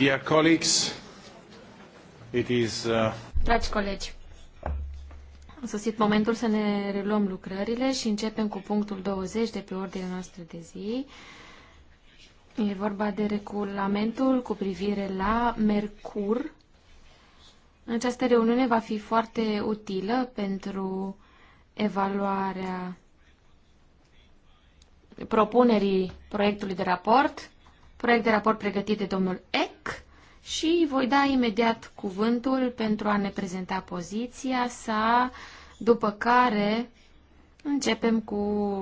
Uh, Dragi colegi, a sosit momentul să ne reluăm lucrările și începem cu punctul 20 de pe ordinea noastră de zi. E vorba de regulamentul cu privire la Mercur. Această reuniune va fi foarte utilă pentru evaluarea propunerii proiectului de raport, proiect de raport pregătit de domnul Eck și voi da imediat cuvântul pentru a ne prezenta poziția sa, după care începem cu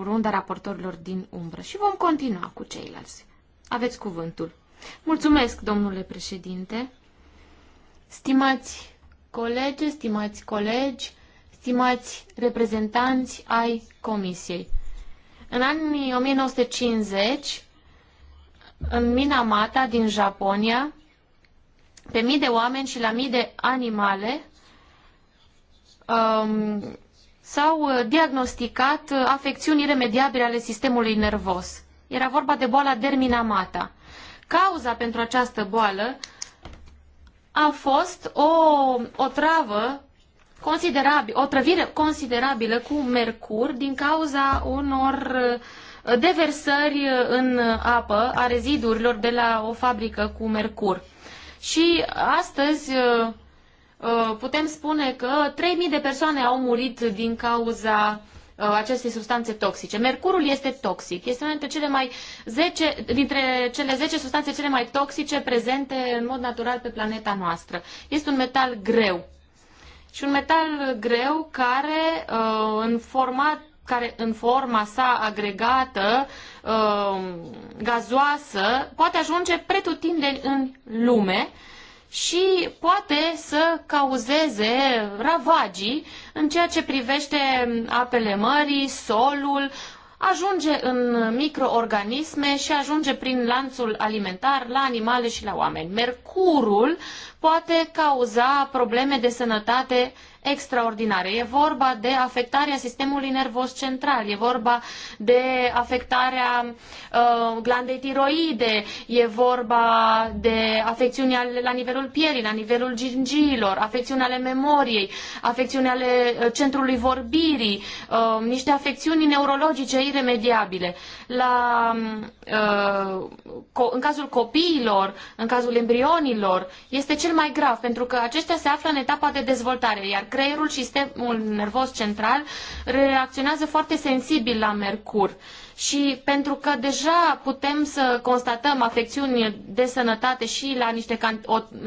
runda raportorilor din umbră și vom continua cu ceilalți. Aveți cuvântul. Mulțumesc, domnule președinte. Stimați colegi, stimați colegi, stimați reprezentanți ai Comisiei. În anii 1950, în Minamata din Japonia, pe mii de oameni și la mii de animale um, s-au uh, diagnosticat uh, afecțiuni iremediabile ale sistemului nervos. Era vorba de boala derminamata. Cauza pentru această boală a fost o, o travă considerabilă, o trăvire considerabilă cu mercur din cauza unor uh, deversări în apă a rezidurilor de la o fabrică cu mercur și astăzi uh, uh, putem spune că 3.000 de persoane au murit din cauza uh, acestei substanțe toxice. Mercurul este toxic. Este una dintre cele mai 10, dintre cele 10 substanțe cele mai toxice prezente în mod natural pe planeta noastră. Este un metal greu. Și un metal greu care, în format care în forma sa agregată, um, gazoasă, poate ajunge pretutindeni în lume și poate să cauzeze ravagii în ceea ce privește apele mării, solul, ajunge în microorganisme și ajunge prin lanțul alimentar la animale și la oameni. Mercurul poate cauza probleme de sănătate extraordinare. E vorba de afectarea sistemului nervos central, e vorba de afectarea uh, glandei tiroide, e vorba de afecțiuni la nivelul pielii, la nivelul gingiilor, afecțiuni ale memoriei, afecțiuni ale uh, centrului vorbirii, uh, niște afecțiuni neurologice iremediabile. La, uh, în cazul copiilor, în cazul embrionilor, este cel mai grav, pentru că aceștia se află în etapa de dezvoltare, iar creierul sistemul nervos central reacționează foarte sensibil la mercur. Și pentru că deja putem să constatăm afecțiuni de sănătate și la niște,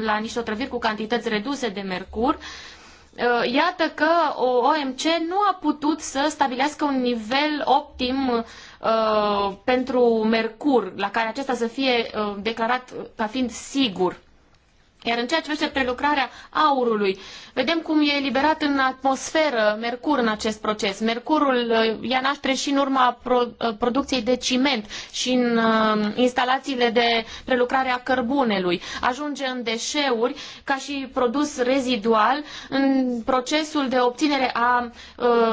la niște otrăviri cu cantități reduse de mercur, uh, iată că OMC nu a putut să stabilească un nivel optim uh, pentru mercur, la care acesta să fie uh, declarat ca fiind sigur. Iar în ceea ce privește prelucrarea aurului, vedem cum e eliberat în atmosferă mercur în acest proces. Mercurul uh, ia naștere și în urma uh, producției de ciment și în uh, instalațiile de prelucrare a cărbunelui. Ajunge în deșeuri ca și produs rezidual în procesul de obținere a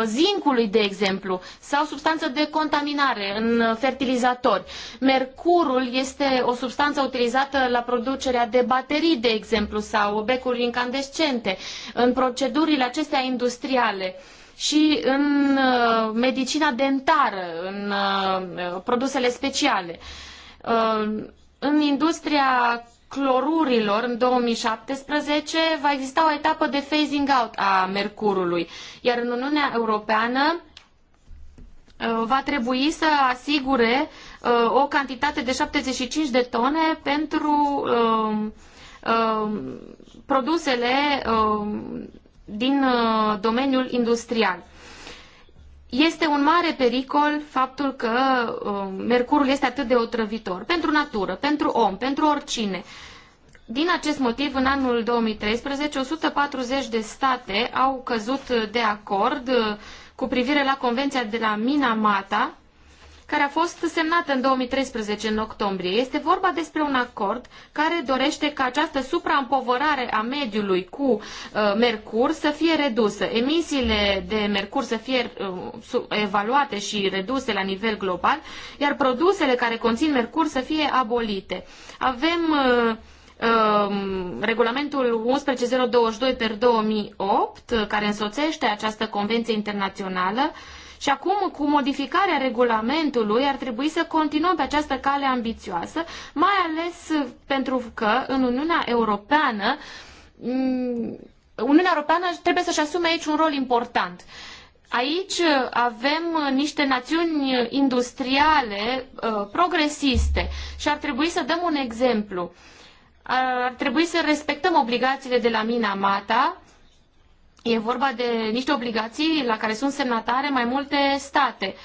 zincului, de exemplu, sau substanță de contaminare în fertilizatori. Mercurul este o substanță utilizată la producerea de baterii, de exemplu, sau becuri incandescente, în procedurile acestea industriale și în uh, medicina dentară, în uh, produsele speciale. Uh, în industria clorurilor în 2017 va exista o etapă de phasing out a mercurului, iar în Uniunea Europeană va trebui să asigure o cantitate de 75 de tone pentru Um, produsele um, din uh, domeniul industrial. Este un mare pericol faptul că um, mercurul este atât de otrăvitor pentru natură, pentru om, pentru oricine. Din acest motiv, în anul 2013, 140 de state au căzut de acord uh, cu privire la Convenția de la Minamata, care a fost semnată în 2013, în octombrie. Este vorba despre un acord care dorește ca această supraîmpovărare a mediului cu uh, mercur să fie redusă. Emisiile de mercur să fie uh, evaluate și reduse la nivel global, iar produsele care conțin mercur să fie abolite. Avem uh, um, regulamentul 11022 per 2008, uh, care însoțește această convenție internațională, uh, și acum, cu modificarea regulamentului, ar trebui să continuăm pe această cale ambițioasă, mai ales pentru că în Uniunea Europeană mm, Uniunea Europeană trebuie să-și asume aici un rol important. Aici avem niște națiuni industriale uh, progresiste și ar trebui să dăm un exemplu. Ar trebui să respectăm obligațiile de la Minamata E vorba de niște obligații la care sunt semnatare mai multe state.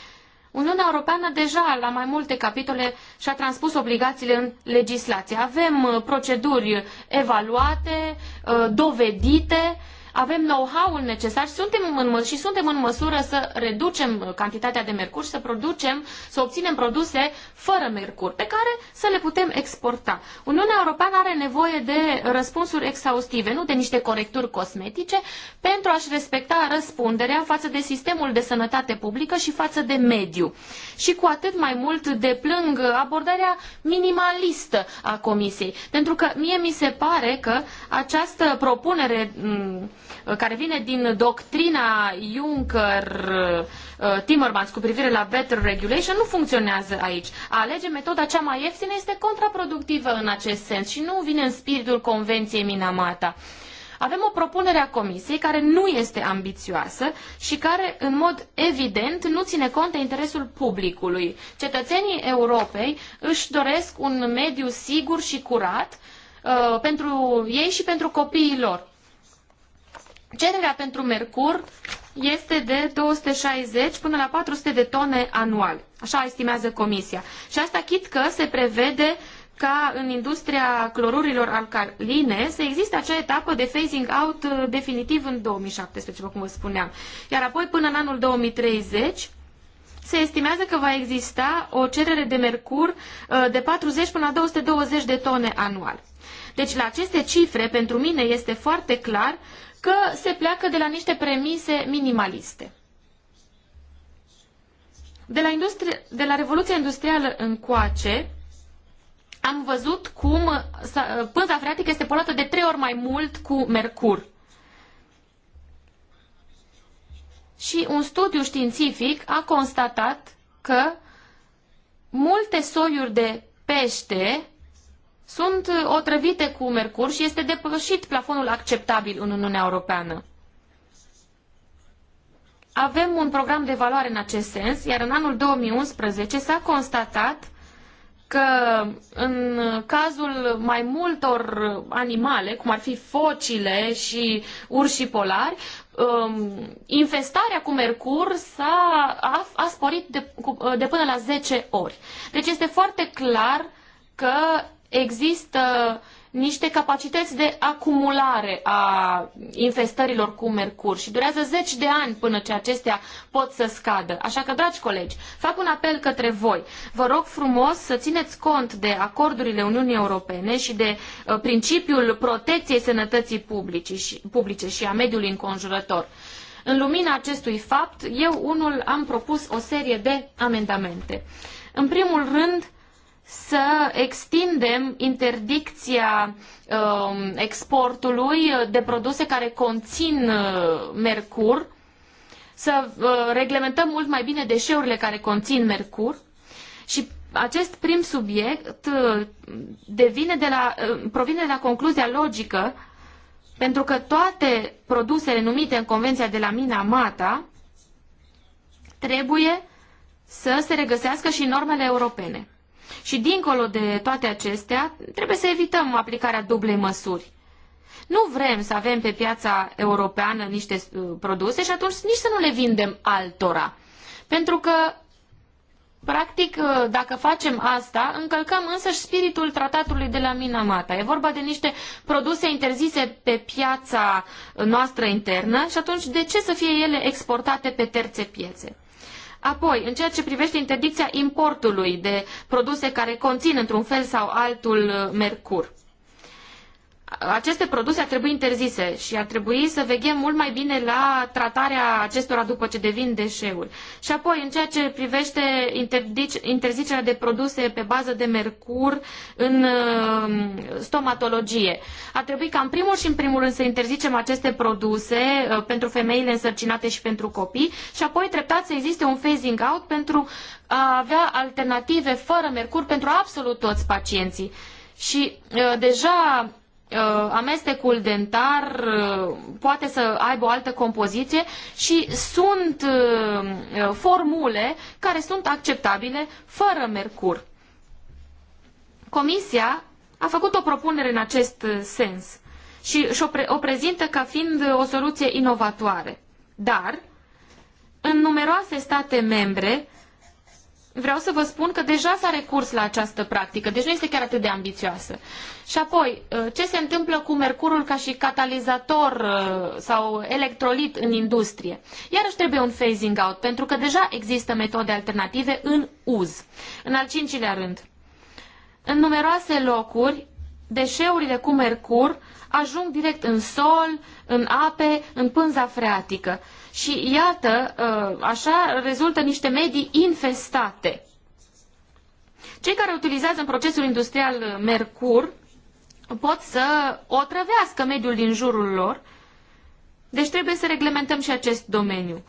Uniunea Europeană deja la mai multe capitole și-a transpus obligațiile în legislație. Avem uh, proceduri evaluate, uh, dovedite avem know-how-ul necesar și suntem, în, și suntem în măsură să reducem cantitatea de mercur și să producem, să obținem produse fără mercur, pe care să le putem exporta. Uniunea Europeană are nevoie de răspunsuri exhaustive, nu de niște corecturi cosmetice, pentru a-și respecta răspunderea față de sistemul de sănătate publică și față de mediu. Și cu atât mai mult deplâng abordarea minimalistă a Comisiei, pentru că mie mi se pare că această propunere Uh, care vine din doctrina Juncker uh, Timmermans cu privire la better regulation nu funcționează aici. A alege metoda cea mai ieftină este contraproductivă în acest sens și nu vine în spiritul Convenției Minamata. Avem o propunere a Comisiei care nu este ambițioasă și care, în mod evident, nu ține cont de interesul publicului. Cetățenii Europei își doresc un mediu sigur și curat uh, pentru ei și pentru copiii lor. Cererea pentru mercur este de 260 până la 400 de tone anual. Așa estimează Comisia. Și asta chit că se prevede ca în industria clorurilor alcaline să existe acea etapă de phasing out uh, definitiv în 2017, după cum vă spuneam. Iar apoi până în anul 2030 se estimează că va exista o cerere de mercur uh, de 40 până la 220 de tone anual. Deci la aceste cifre, pentru mine este foarte clar că se pleacă de la niște premise minimaliste. De la, industrie, de la Revoluția Industrială încoace, am văzut cum pânza freatică este poluată de trei ori mai mult cu mercur. Și un studiu științific a constatat că multe soiuri de pește sunt uh, otrăvite cu mercur și este depășit plafonul acceptabil în Uniunea Europeană. Avem un program de valoare în acest sens, iar în anul 2011 s-a constatat că în cazul mai multor animale, cum ar fi focile și urșii polari, um, infestarea cu mercur s-a a, a sporit de, de până la 10 ori. Deci este foarte clar că există niște capacități de acumulare a infestărilor cu mercur și durează zeci de ani până ce acestea pot să scadă. Așa că, dragi colegi, fac un apel către voi. Vă rog frumos să țineți cont de acordurile Uniunii Europene și de uh, principiul protecției sănătății publice și a mediului înconjurător. În lumina acestui fapt, eu unul am propus o serie de amendamente. În primul rând, să extindem interdicția um, exportului de produse care conțin uh, mercur, să uh, reglementăm mult mai bine deșeurile care conțin mercur și acest prim subiect uh, devine de la, provine de la concluzia logică pentru că toate produsele numite în Convenția de la Minamata trebuie să se regăsească și normele europene. Și dincolo de toate acestea, trebuie să evităm aplicarea dublei măsuri. Nu vrem să avem pe piața europeană niște uh, produse și atunci nici să nu le vindem altora. Pentru că, practic, uh, dacă facem asta, încălcăm însăși spiritul tratatului de la Minamata. E vorba de niște produse interzise pe piața noastră internă și atunci de ce să fie ele exportate pe terțe piețe? Apoi, în ceea ce privește interdicția importului de produse care conțin într-un fel sau altul uh, mercur aceste produse ar trebui interzise și ar trebui să veghem mult mai bine la tratarea acestora după ce devin deșeuri. Și apoi, în ceea ce privește interzicerea de produse pe bază de mercur în um, stomatologie, ar trebui ca în primul și în primul rând să interzicem aceste produse uh, pentru femeile însărcinate și pentru copii și apoi treptat să existe un phasing out pentru a avea alternative fără mercur pentru absolut toți pacienții. Și uh, deja Uh, amestecul dentar uh, poate să aibă o altă compoziție și sunt uh, formule care sunt acceptabile fără mercur. Comisia a făcut o propunere în acest sens și o prezintă ca fiind o soluție inovatoare. Dar, în numeroase state membre, vreau să vă spun că deja s-a recurs la această practică, deci nu este chiar atât de ambițioasă. Și apoi, uh, ce se întâmplă cu mercurul ca și catalizator uh, sau electrolit în industrie? Iarăși trebuie un phasing out, pentru că deja există metode alternative în uz. În al cincilea rând, în numeroase locuri, deșeurile cu mercur ajung direct în sol, în ape, în pânza freatică. Și iată, uh, așa rezultă niște medii infestate. Cei care utilizează în procesul industrial uh, mercur pot să otrăvească mediul din jurul lor, deci trebuie să reglementăm și acest domeniu.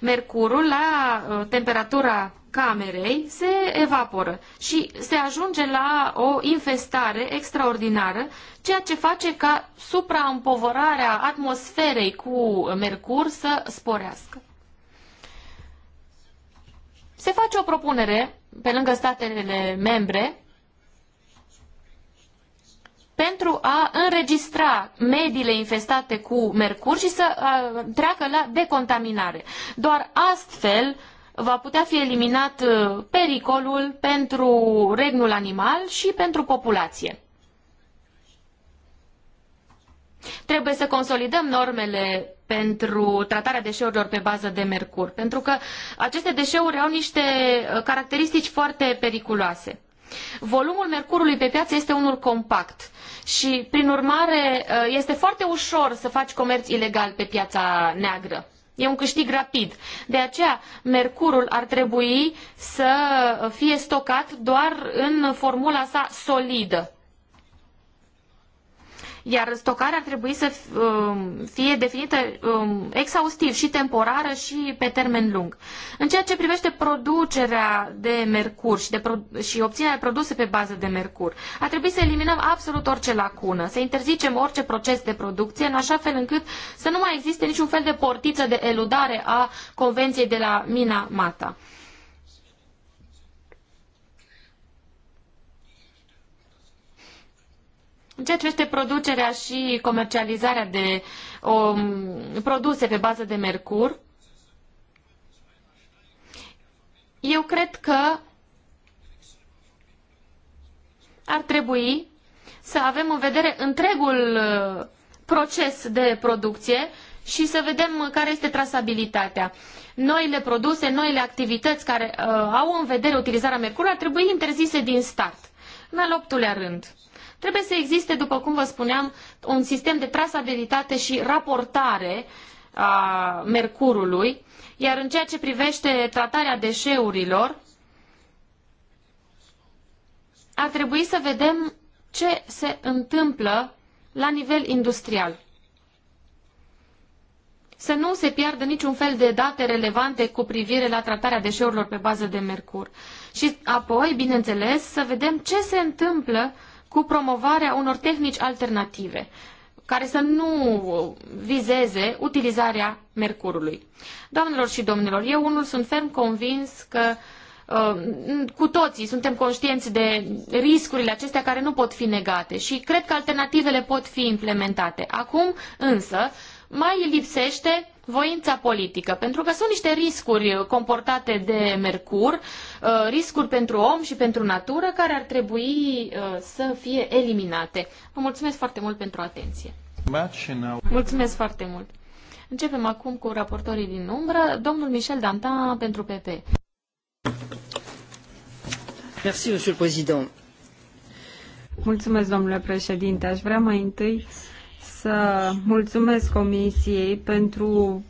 Mercurul la uh, temperatura camerei se evaporă și se ajunge la o infestare extraordinară, ceea ce face ca supraîmpovărarea atmosferei cu mercur să sporească. Se face o propunere, pe lângă statele membre, pentru a înregistra mediile infestate cu mercur și să treacă la decontaminare. Doar astfel va putea fi eliminat uh, pericolul pentru regnul animal și pentru populație. Trebuie să consolidăm normele pentru tratarea deșeurilor pe bază de mercur, pentru că aceste deșeuri au niște uh, caracteristici foarte periculoase. Volumul mercurului pe piață este unul compact și, prin urmare, uh, este foarte ușor să faci comerț ilegal pe piața neagră. E un câștig rapid. De aceea, mercurul ar trebui să fie stocat doar în formula sa solidă iar stocarea ar trebui să um, fie definită um, exhaustiv și temporară și pe termen lung. În ceea ce privește producerea de mercur și, de pro- și obținerea de produse pe bază de mercur, ar trebui să eliminăm absolut orice lacună, să interzicem orice proces de producție, în așa fel încât să nu mai existe niciun fel de portiță de eludare a Convenției de la Minamata. În ceea ce este producerea și comercializarea de o, produse pe bază de mercur, eu cred că ar trebui să avem în vedere întregul uh, proces de producție și să vedem care este trasabilitatea. Noile produse, noile activități care uh, au în vedere utilizarea mercurului ar trebui interzise din start. În al optulea rând, Trebuie să existe, după cum vă spuneam, un sistem de trasabilitate și raportare a mercurului, iar în ceea ce privește tratarea deșeurilor, ar trebui să vedem ce se întâmplă la nivel industrial. Să nu se piardă niciun fel de date relevante cu privire la tratarea deșeurilor pe bază de mercur. Și apoi, bineînțeles, să vedem ce se întâmplă cu promovarea unor tehnici alternative care să nu vizeze utilizarea mercurului. Doamnelor și domnilor, eu unul sunt ferm convins că uh, cu toții suntem conștienți de riscurile acestea care nu pot fi negate și cred că alternativele pot fi implementate. Acum însă mai lipsește voința politică, pentru că sunt niște riscuri comportate de Mercur, uh, riscuri pentru om și pentru natură, care ar trebui uh, să fie eliminate. Vă mulțumesc foarte mult pentru atenție. Mulțumesc foarte mult. Începem acum cu raportorii din umbră. Domnul Michel Dantin pentru PP. Merci, Mulțumesc, domnule președinte. Aș vrea mai întâi să mulțumesc Comisiei pentru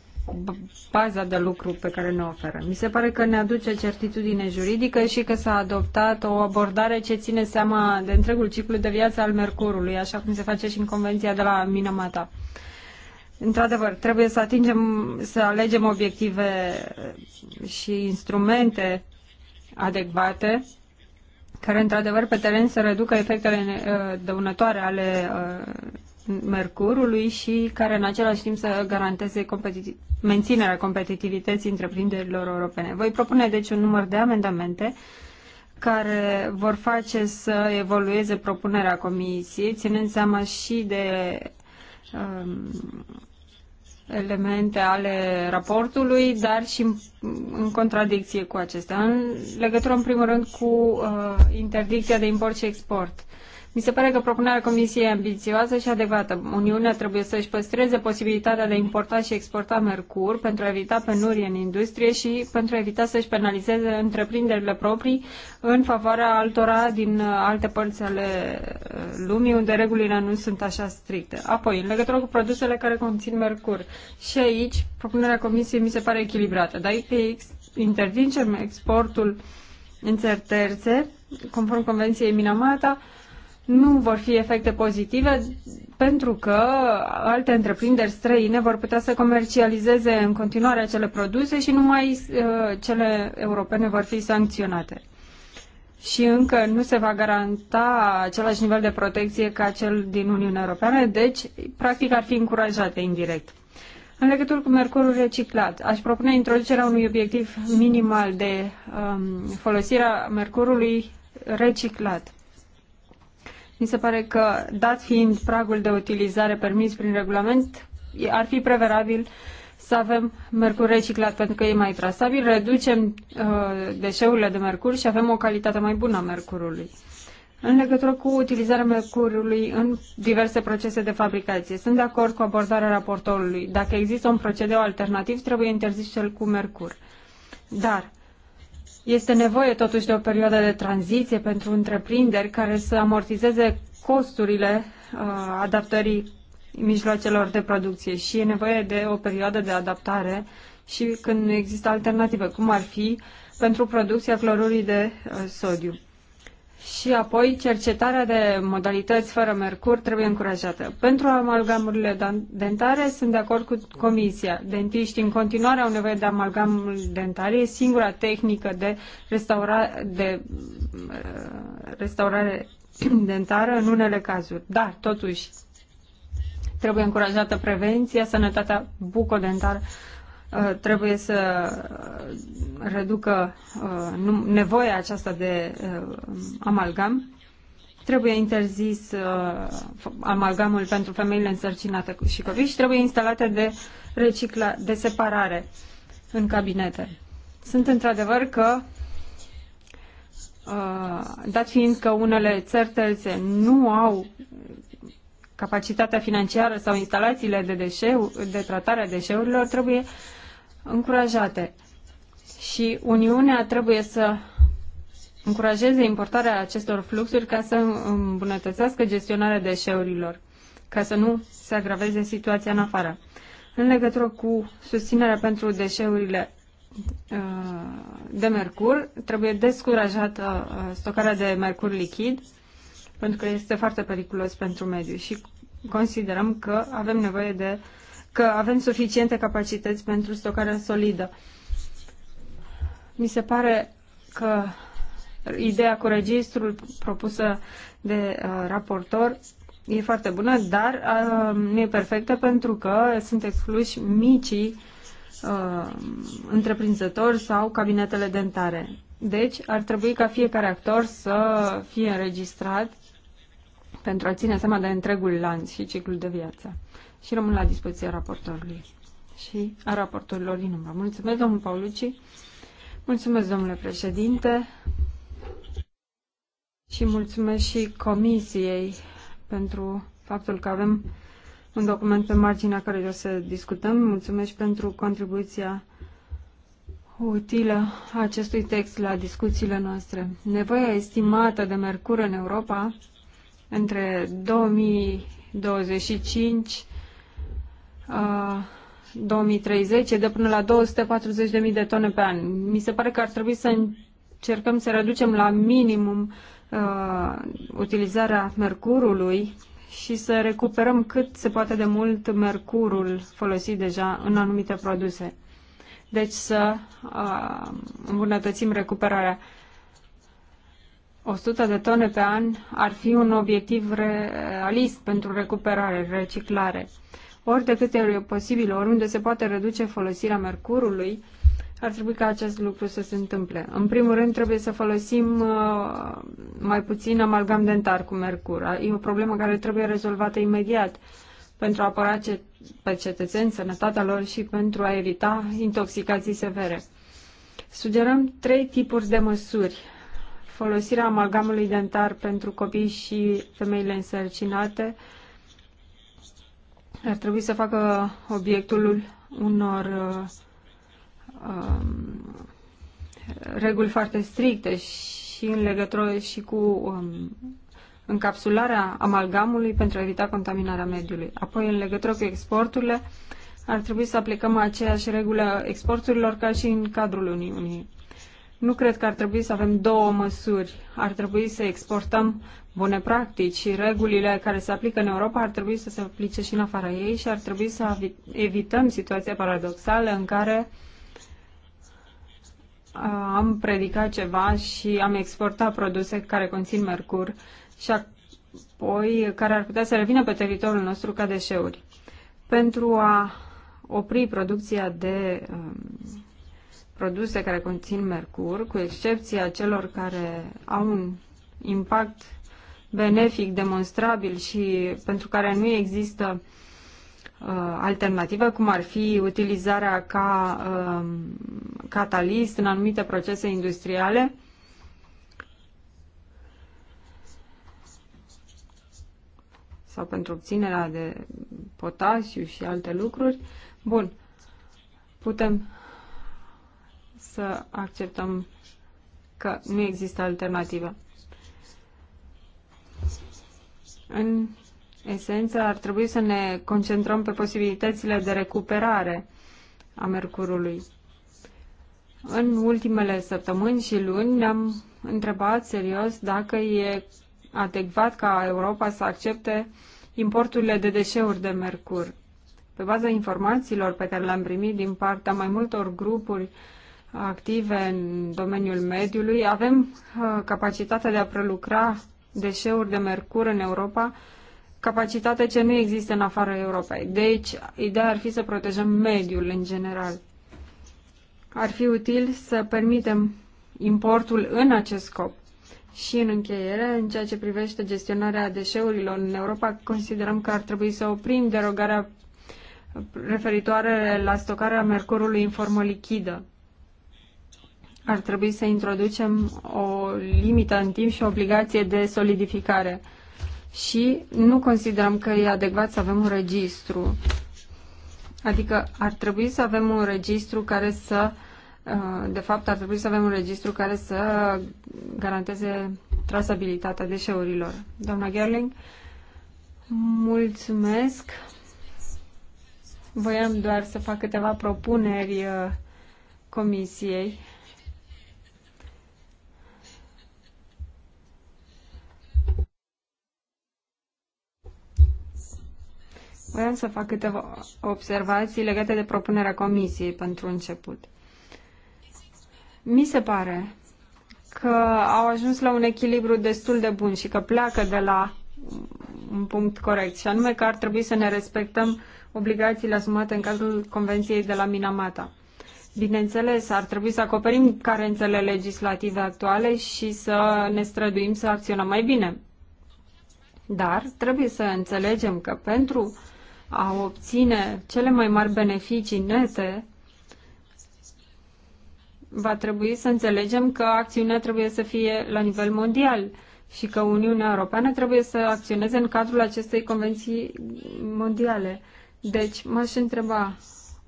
baza de lucru pe care ne oferă. Mi se pare că ne aduce certitudine juridică și că s-a adoptat o abordare ce ține seama de întregul ciclu de viață al Mercurului, așa cum se face și în Convenția de la Minamata. Într-adevăr, trebuie să atingem, să alegem obiective și instrumente adecvate care, într-adevăr, pe teren să reducă efectele uh, dăunătoare ale uh, mercurului și care în același timp să garanteze competitiv, menținerea competitivității întreprinderilor europene. Voi propune deci un număr de amendamente care vor face să evolueze propunerea Comisiei, ținând seama și de um, elemente ale raportului, dar și în, în contradicție cu acestea. În legătură, în primul rând, cu uh, interdicția de import și export. Uh, mi se pare că propunerea Comisiei e ambițioasă și adecvată. Uniunea trebuie să-și păstreze posibilitatea de a importa și exporta mercur pentru a evita penurie în industrie și pentru a evita să-și penalizeze întreprinderile proprii în favoarea altora din alte părți ale uh, lumii, unde regulile nu sunt așa stricte. Apoi, în legătură cu produsele care conțin mercur, și aici propunerea Comisiei mi se pare echilibrată. Dar pe interzicem exportul în țări terțe, conform Convenției Minamata, nu vor fi efecte pozitive pentru că alte întreprinderi străine vor putea să comercializeze în continuare acele produse și numai uh, cele europene vor fi sancționate. Și încă nu se va garanta același nivel de protecție ca cel din Uniunea Europeană, deci practic ar fi încurajate indirect. În legătură cu mercurul reciclat, aș propune introducerea unui obiectiv minimal de um, folosirea mercurului reciclat mi se pare că, dat fiind pragul de utilizare permis prin regulament, ar fi preferabil să avem mercur reciclat pentru că e mai trasabil, reducem uh, deșeurile de mercur și avem o calitate mai bună a mercurului. În legătură cu utilizarea mercurului în diverse procese de fabricație, sunt de acord cu abordarea raportorului. Dacă există un procedeu alternativ, trebuie interzis cel cu mercur. Dar este nevoie totuși de o perioadă de tranziție pentru întreprinderi care să amortizeze costurile uh, adaptării mijloacelor de producție și e nevoie de o perioadă de adaptare și când nu există alternative, cum ar fi pentru producția clorurii de uh, sodiu și apoi cercetarea de modalități fără mercur trebuie încurajată. Pentru amalgamurile dentare sunt de acord cu Comisia. Dentiștii în continuare au nevoie de amalgamul dentar. E singura tehnică de, restaura, de uh, restaurare dentară în unele cazuri. Dar, totuși, trebuie încurajată prevenția, sănătatea bucodentară Uh, trebuie să uh, reducă uh, nevoia aceasta de amalgam. Trebuie interzis amalgamul pentru femeile însărcinate și copii și trebuie instalate de, recicla, de separare în cabinete. Sunt într-adevăr că dat fiind că unele țări terțe nu au capacitatea financiară sau instalațiile de, deșeu, de tratare a deșeurilor, trebuie uh, încurajate și Uniunea trebuie să încurajeze importarea acestor fluxuri ca să îmbunătățească gestionarea deșeurilor, ca să nu se agraveze situația în afară. În legătură cu susținerea pentru deșeurile uh, de mercur, trebuie descurajată uh, stocarea de mercur lichid, pentru că este foarte periculos pentru mediu și considerăm că avem nevoie de uh, că avem suficiente capacități pentru stocarea solidă. Mi se pare că ideea cu registrul propusă de uh, raportor e foarte bună, dar uh, nu e perfectă pentru că sunt excluși micii uh, întreprinzători sau cabinetele dentare. Deci ar trebui ca fiecare actor să fie înregistrat pentru a ține seama de întregul lanț și ciclul de viață și rămân la dispoziția raportorului și a raportorilor din număr. Mulțumesc, domnul Paulucci. Mulțumesc, domnule președinte. Și mulțumesc și comisiei pentru faptul că avem un document pe marginea care o să discutăm. Mulțumesc pentru contribuția utilă a acestui text la discuțiile noastre. Nevoia estimată de mercur în Europa între 2025 2030 de până la 240.000 de tone pe an. Mi se pare că ar trebui să încercăm să reducem la minimum uh, utilizarea mercurului și să recuperăm cât se poate de mult mercurul folosit deja în anumite produse. Deci să uh, îmbunătățim recuperarea. 100 de tone pe an ar fi un obiectiv realist pentru recuperare, reciclare ori de câte ori e posibil, oriunde se poate reduce folosirea mercurului, ar trebui ca acest lucru să se întâmple. În primul rând, trebuie să folosim uh, mai puțin amalgam dentar cu mercur. E o problemă care trebuie rezolvată imediat pentru a apăra pe cetățeni, sănătatea lor și pentru a evita intoxicații severe. Sugerăm trei tipuri de măsuri. Folosirea amalgamului dentar pentru copii și femeile însărcinate, uh, ar trebui să facă obiectul unor um, reguli foarte stricte și în legătură și cu um, încapsularea amalgamului pentru a evita contaminarea mediului. Apoi, în legătură cu exporturile, ar trebui să aplicăm aceeași regulă exporturilor ca și în cadrul Uniunii. Nu cred că ar trebui să avem două măsuri. Ar trebui să exportăm bune practici și regulile care se aplică în Europa ar trebui să se aplice și în afara ei și ar trebui să evităm situația paradoxală în care uh, am predicat ceva și am exportat produse care conțin mercur și apoi care ar putea să revină pe teritoriul nostru ca deșeuri. Pentru a opri producția de um, produse care conțin mercur, cu excepția celor care au un impact benefic, demonstrabil și pentru care nu există uh, alternativă, cum ar fi utilizarea ca uh, catalist în anumite procese industriale, sau pentru obținerea de potasiu și alte lucruri. Bun, putem să acceptăm că nu există alternativă. În esență, ar trebui să ne concentrăm pe posibilitățile de recuperare a mercurului. În ultimele săptămâni și luni ne-am întrebat serios dacă e adecvat ca Europa să accepte importurile de deșeuri de mercur. Pe baza informațiilor pe care le-am primit din partea mai multor grupuri active în domeniul mediului, avem uh, capacitatea de a prelucra deșeuri de mercur în Europa, capacitate ce nu există în afara Europei. Deci, ideea ar fi să protejăm mediul în general. Ar fi util să permitem importul în acest scop. Și în încheiere, în ceea ce privește gestionarea deșeurilor în Europa, considerăm că ar trebui să oprim derogarea referitoare la stocarea mercurului în formă lichidă ar trebui să introducem o limită în timp și o obligație de solidificare. Și nu considerăm că e adecvat să avem un registru. Adică ar trebui să avem un registru care să uh, de fapt, ar trebui să avem un registru care să garanteze trasabilitatea deșeurilor. Doamna Gerling, mulțumesc. Voiam doar să fac câteva propuneri uh, comisiei Vreau să fac câteva observații legate de propunerea Comisiei pentru început. Mi se pare că au ajuns la un echilibru destul de bun și că pleacă de la un punct corect, și anume că ar trebui să ne respectăm obligațiile asumate în cadrul Convenției de la Minamata. Bineînțeles, ar trebui să acoperim carențele legislative actuale și să ne străduim să acționăm mai bine. Dar trebuie să înțelegem că pentru a obține cele mai mari beneficii nete, va trebui să înțelegem că acțiunea trebuie să fie la nivel mondial și că Uniunea Europeană trebuie să acționeze în cadrul acestei convenții mondiale. Deci m-aș întreba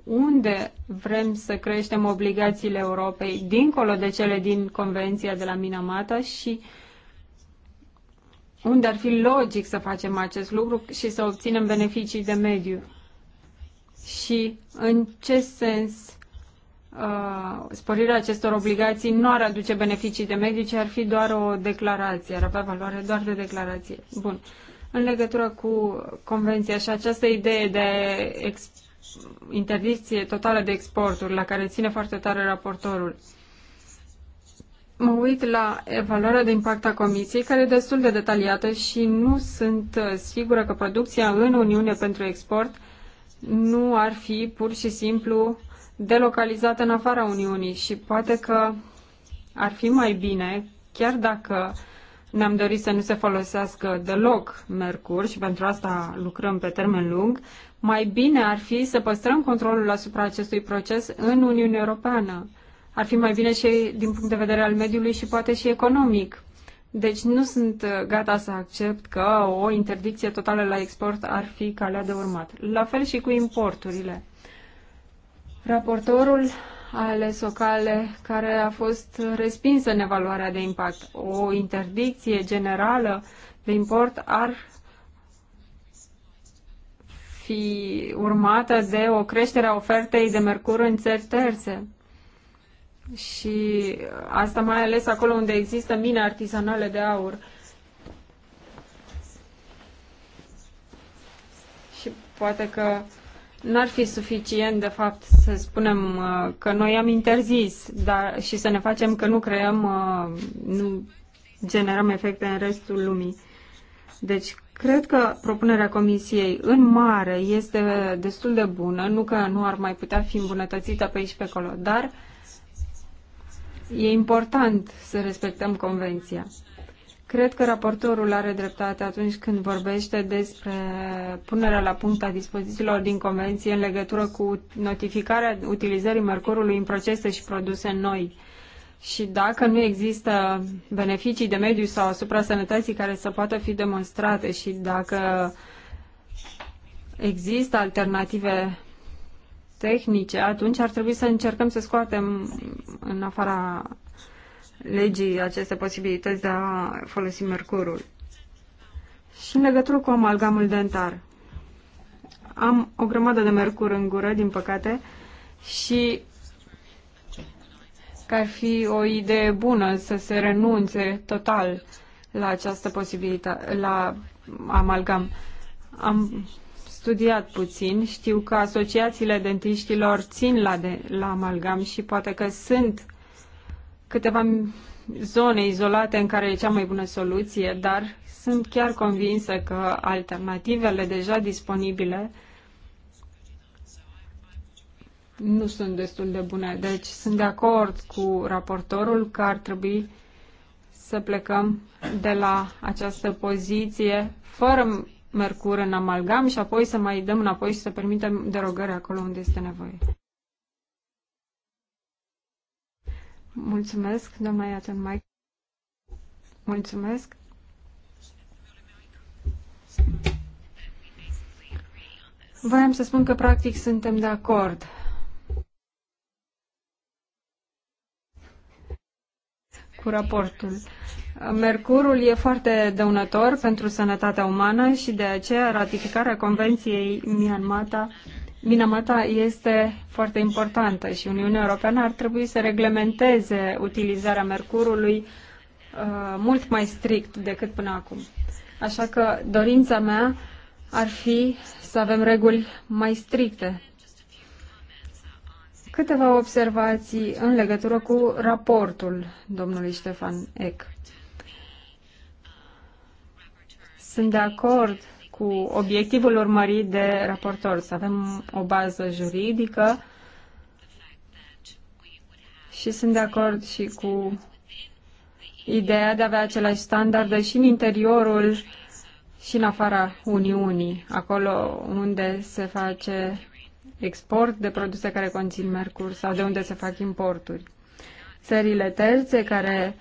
unde vrem să creștem obligațiile Europei dincolo de cele din Convenția de la Minamata și uh, unde ar fi logic să facem acest lucru și să obținem beneficii de mediu. Și în ce sens uh, sporirea acestor obligații nu ar aduce beneficii de mediu, ci ar fi doar o declarație, ar avea valoare doar de declarație. Bun. În legătură cu convenția și această idee de interdicție totală de exporturi, la care ține foarte tare raportorul, uh, mă uit la evaluarea de impact a Comisiei, care e destul de detaliată și nu sunt uh, sigură că producția în Uniune pentru export nu ar fi pur și simplu delocalizată în afara Uniunii și poate că ar fi mai bine, chiar dacă ne-am dorit să nu se folosească deloc mercur și pentru asta lucrăm pe termen lung, mai bine ar fi să păstrăm controlul asupra acestui proces în Uniunea Europeană ar fi mai bine și din punct de vedere al mediului și poate și economic. Deci nu sunt uh, gata să accept că o interdicție totală la export ar fi calea de urmat. La fel și cu importurile. Raportorul a ales o cale care a fost respinsă în evaluarea de impact. O interdicție generală de import ar fi urmată de o creștere a ofertei de mercur în țări terțe și asta mai ales acolo unde există mine artizanale de aur. Și poate că n-ar fi suficient, de fapt, să spunem uh, că noi am interzis dar, și să ne facem că nu creăm, uh, nu generăm efecte în restul lumii. Deci, cred că propunerea Comisiei în mare este destul de bună, nu că nu ar mai putea fi îmbunătățită pe aici pe acolo, dar uh, E important să respectăm convenția. Cred că raportorul are dreptate atunci când vorbește despre punerea la punct a dispozițiilor din convenție în legătură cu notificarea utilizării mercurului în procese și produse noi. Și dacă nu există beneficii de mediu sau asupra sănătății care să poată fi demonstrate și dacă există alternative tehnice, atunci ar trebui să încercăm să scoatem în afara legii aceste posibilități de a folosi mercurul. Și în legătură cu amalgamul dentar. Am o grămadă de mercur în gură, din păcate, și că ar fi o idee bună să se renunțe total la această posibilitate, la amalgam. Am studiat puțin. Știu că asociațiile dentiștilor țin la, de, la amalgam și poate că sunt câteva zone izolate în care e cea mai bună soluție, dar sunt chiar convinsă că alternativele deja disponibile nu sunt destul de bune. Deci sunt de acord cu raportorul că ar trebui să plecăm de la această poziție fără mercur în amalgam și apoi să mai dăm înapoi și să permitem derogări acolo unde este nevoie. Mulțumesc, doamna Iaten mai. Mulțumesc. Voiam să spun că practic suntem de acord. cu raportul. Mercurul e foarte dăunător pentru sănătatea umană și de aceea ratificarea Convenției mianmata Minamata este foarte importantă și Uniunea Europeană ar trebui să reglementeze utilizarea mercurului uh, mult mai strict decât până acum. Așa că dorința mea ar fi să avem reguli mai stricte. Câteva observații în legătură cu raportul domnului Ștefan Eck. Sunt de acord cu obiectivul urmărit de raportor, să avem o bază juridică și sunt de acord și cu ideea de a avea aceleași standarde și în interiorul și în afara Uniunii, acolo unde se face export de produse care conțin mercur sau de unde se fac importuri. Țările terțe care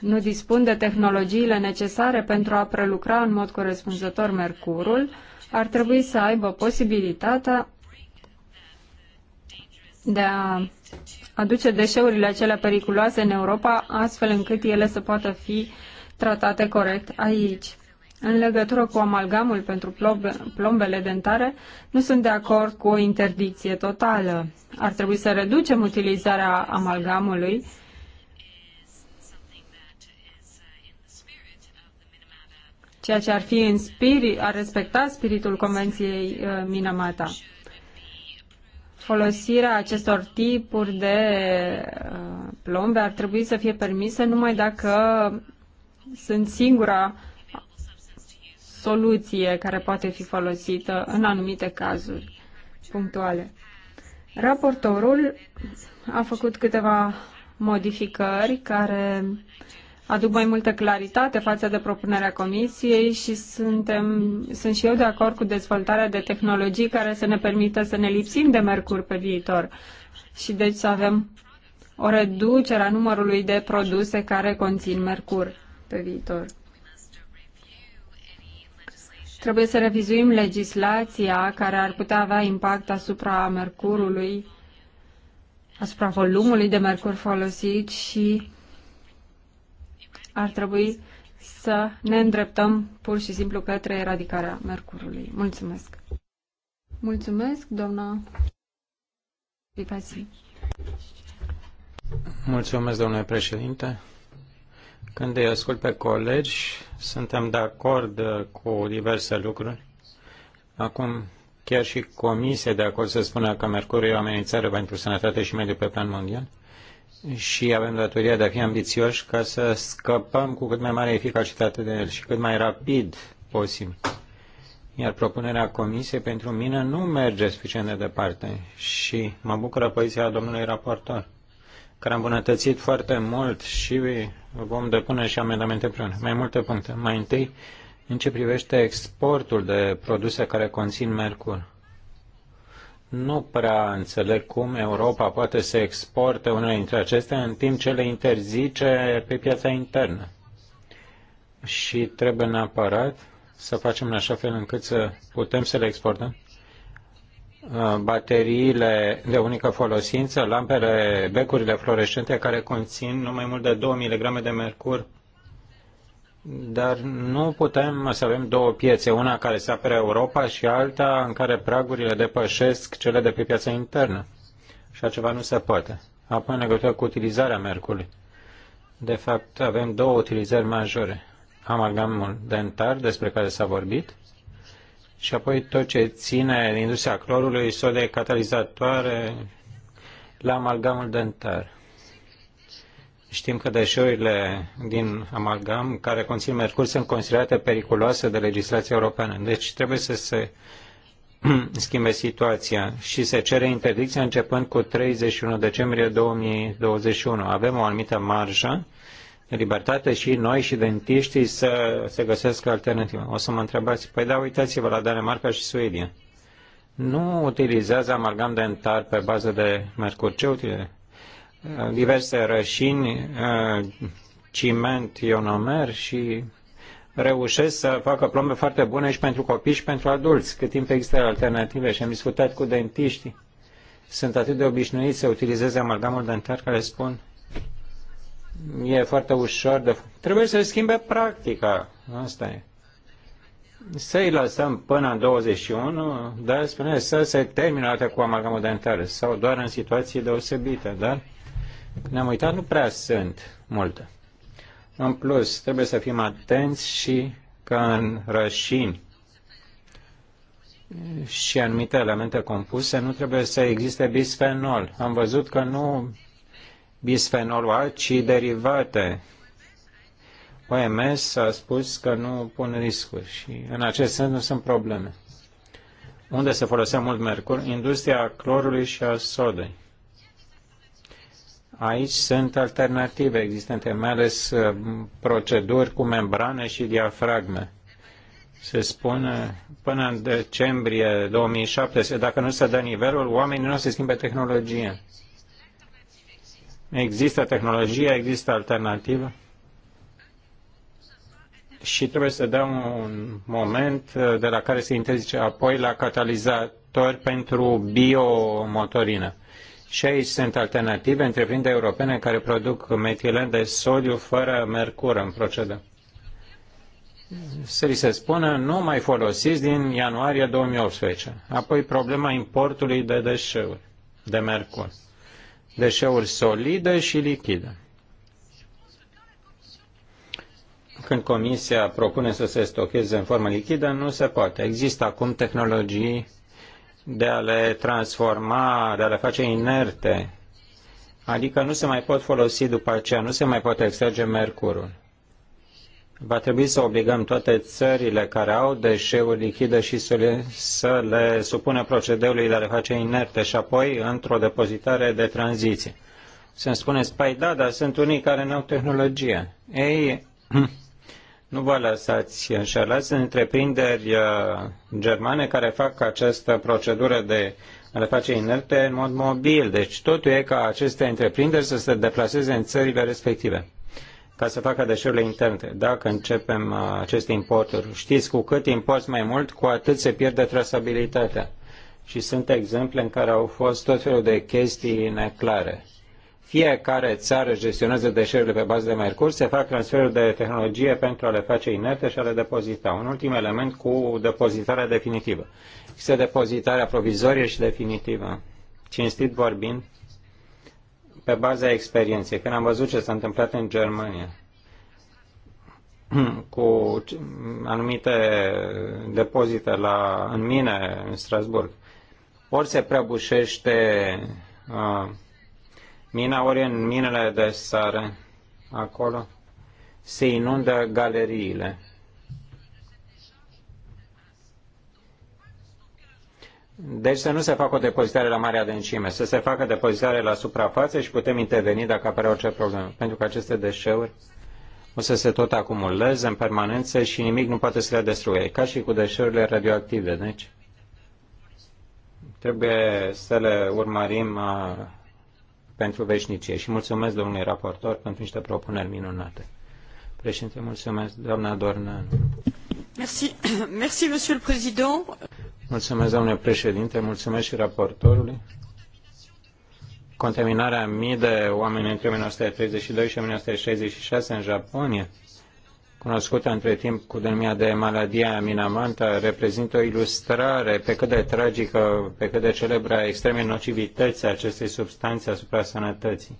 nu dispun de tehnologiile necesare pentru a prelucra în mod corespunzător mercurul, ar trebui să aibă posibilitatea de a aduce deșeurile acelea periculoase în Europa, astfel încât ele să poată fi tratate corect aici. În legătură cu amalgamul pentru plombele dentare, nu sunt de acord cu o interdicție totală. Ar trebui să reducem utilizarea amalgamului ceea ce ar fi în spirit, ar respecta spiritul Convenției uh, Minamata. Folosirea acestor tipuri de uh, plombe ar trebui să fie permise numai dacă sunt singura soluție care poate fi folosită în anumite cazuri punctuale. Raportorul a făcut câteva modificări care uh, aduc mai multă claritate față de propunerea comisiei și suntem, sunt și eu de acord cu dezvoltarea de tehnologii care să ne permită să ne lipsim de mercur pe viitor și deci să avem o reducere a numărului de produse care conțin mercur pe viitor. Trebuie să revizuim legislația care ar putea avea impact asupra mercurului, asupra volumului de mercur folosit și ar trebui să ne îndreptăm pur și simplu către eradicarea mercurului. Mulțumesc! Mulțumesc, doamna Pipasi. Mulțumesc, domnule președinte. Când îi ascult pe colegi, suntem de acord cu diverse lucruri. Acum, chiar și comisia de acord se spune că mercurul e o amenințare pentru sănătate și mediu pe plan mondial și avem datoria de a fi ambițioși ca să scăpăm cu cât mai mare eficacitate de el și cât mai rapid posibil. Iar propunerea comisiei pentru mine nu merge suficient de departe și mă bucură poziția domnului raportor, care a îmbunătățit foarte mult și vom depune și amendamente împreună. Mai multe puncte. Mai întâi, în ce privește exportul de produse care conțin mercur. Nu prea înțeleg cum Europa poate să exporte unele dintre acestea în timp ce le interzice pe piața internă. Și trebuie neapărat să facem în așa fel încât să putem să le exportăm uh, bateriile de unică folosință, lampele, becurile fluorescente care conțin nu mai mult de 2 mg de mercur dar nu putem să avem două piețe, una care să apere Europa și alta în care pragurile depășesc cele de pe piața internă. Așa ceva nu se poate. Apoi, în legătură cu utilizarea mercului. De fapt, avem două utilizări majore. Amalgamul dentar, despre care s-a vorbit, și apoi tot ce ține industria clorului, sode catalizatoare la amalgamul dentar. Știm că deșeurile din amalgam care conțin mercur sunt considerate periculoase de legislația europeană. Deci trebuie să se schimbe situația și se cere interdicția începând cu 31 decembrie 2021. Avem o anumită marjă de libertate și noi și dentiștii să se găsească alternative. O să mă întrebați, păi da, uitați-vă la Danemarca și Suedia. Nu utilizează amalgam dentar pe bază de mercur. Ce utilizează? diverse rășini, uh, ciment, ionomer și reușesc să facă plombe foarte bune și pentru copii și pentru adulți, cât timp există alternative. Și am discutat cu dentiștii. Sunt atât de obișnuiți să utilizeze amalgamul dentar care spun e foarte ușor de... Trebuie să schimbe practica. Asta e. Să-i lăsăm până în 21, dar spune să se termine cu amalgamul dentar sau doar în situații deosebite, dar ne-am uitat, nu prea sunt multe. În plus, trebuie să fim atenți și că în rășini și anumite elemente compuse nu trebuie să existe bisfenol. Am văzut că nu bisfenolul A, ci derivate. OMS a spus că nu pun riscuri și în acest sens nu sunt probleme. Unde se folosea mult mercur? Industria clorului și a sodei. Aici sunt alternative existente, mai ales uh, proceduri cu membrane și diafragme. Se spune până în decembrie 2007, dacă nu se dă nivelul, oamenii nu se schimbe tehnologia. Există tehnologia, există alternativă și trebuie să dăm un moment uh, de la care se interzice apoi la catalizator pentru biomotorină. Și aici sunt alternative, întreprinderi europene care produc metilen de sodiu fără mercur în procedă. Să li se spună, nu mai folosiți din ianuarie 2018. Apoi problema importului de deșeuri, de mercur. Deșeuri solide și lichide. Când comisia propune să se stocheze în formă lichidă, nu se poate. Există acum tehnologii de a le transforma, de a le face inerte, adică nu se mai pot folosi după aceea, nu se mai poate extrage mercurul. Va trebui să obligăm toate țările care au deșeuri lichide și să le, să le supună procedeului de a le face inerte și apoi într-o depozitare de tranziție. Să-mi spuneți, păi da, dar sunt unii care nu au tehnologie. Ei, Nu vă lăsați înșelați în întreprinderi uh, germane care fac această procedură de a le face inerte în mod mobil. Deci totul e ca aceste întreprinderi să se deplaseze în țările respective ca să facă deșeurile interne. Dacă începem uh, aceste importuri, știți, cu cât import mai mult, cu atât se pierde trasabilitatea. Și sunt exemple în care au fost tot felul de chestii neclare fiecare țară gestioneze deșeurile pe bază de mercur, se fac transferuri de tehnologie pentru a le face inerte și a le depozita. Un ultim element cu depozitarea definitivă. Este depozitarea provizorie și definitivă. Cinstit vorbind, pe baza experienței, când am văzut ce s-a întâmplat în Germania, cu anumite depozite la, în mine, în Strasburg, ori se prăbușește uh, mina ori în minele de sare. Acolo se inundă galeriile. Deci să nu se facă o depozitare la mare adâncime, să se facă depozitare la suprafață și putem interveni dacă apare orice problemă. Pentru că aceste deșeuri o să se tot acumuleze în permanență și nimic nu poate să le destruie, ca și cu deșeurile radioactive. Deci trebuie să le urmărim uh, pentru veșnicie. Și mulțumesc domnului raportor pentru niște propuneri minunate. Președinte, mulțumesc, doamna Dornan. Merci, merci, monsieur le président. Mulțumesc, domnule președinte, mulțumesc și raportorului. Contaminarea mii de oameni între 1932 și 1966 în Japonia cunoscută între timp cu denumirea de maladia minamanta, reprezintă o ilustrare pe cât de tragică, pe cât de celebră a extremei a acestei substanțe asupra sănătății.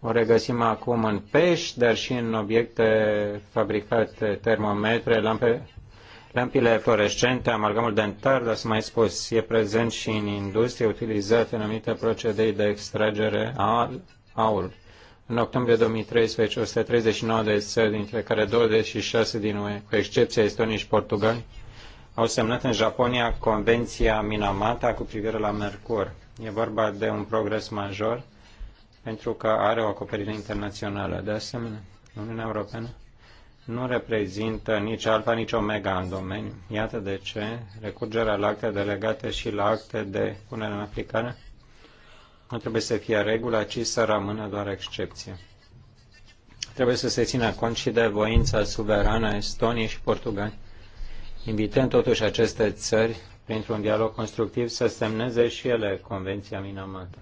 O regăsim acum în pești, dar și în obiecte fabricate, termometre, lampe, lampile fluorescente, amalgamul dentar, dar să mai spus, e prezent și în industrie, utilizat în anumite procedei de extragere a aurului în octombrie 2013, 139 de țări, dintre care 26 din UE, cu excepția Estoniei și Portugali, au semnat în Japonia Convenția Minamata cu privire la Mercur. E vorba de un progres major pentru că are o acoperire internațională. De asemenea, Uniunea Europeană nu reprezintă nici alfa, nici omega în domeniu. Iată de ce recurgerea la acte delegate și la acte de punere în aplicare nu trebuie să fie regula, ci să rămână doar excepție. Trebuie să se țină cont și de voința suverană Estoniei și Portugaliei, invitând totuși aceste țări, printr-un dialog constructiv, să semneze și ele Convenția Minamata.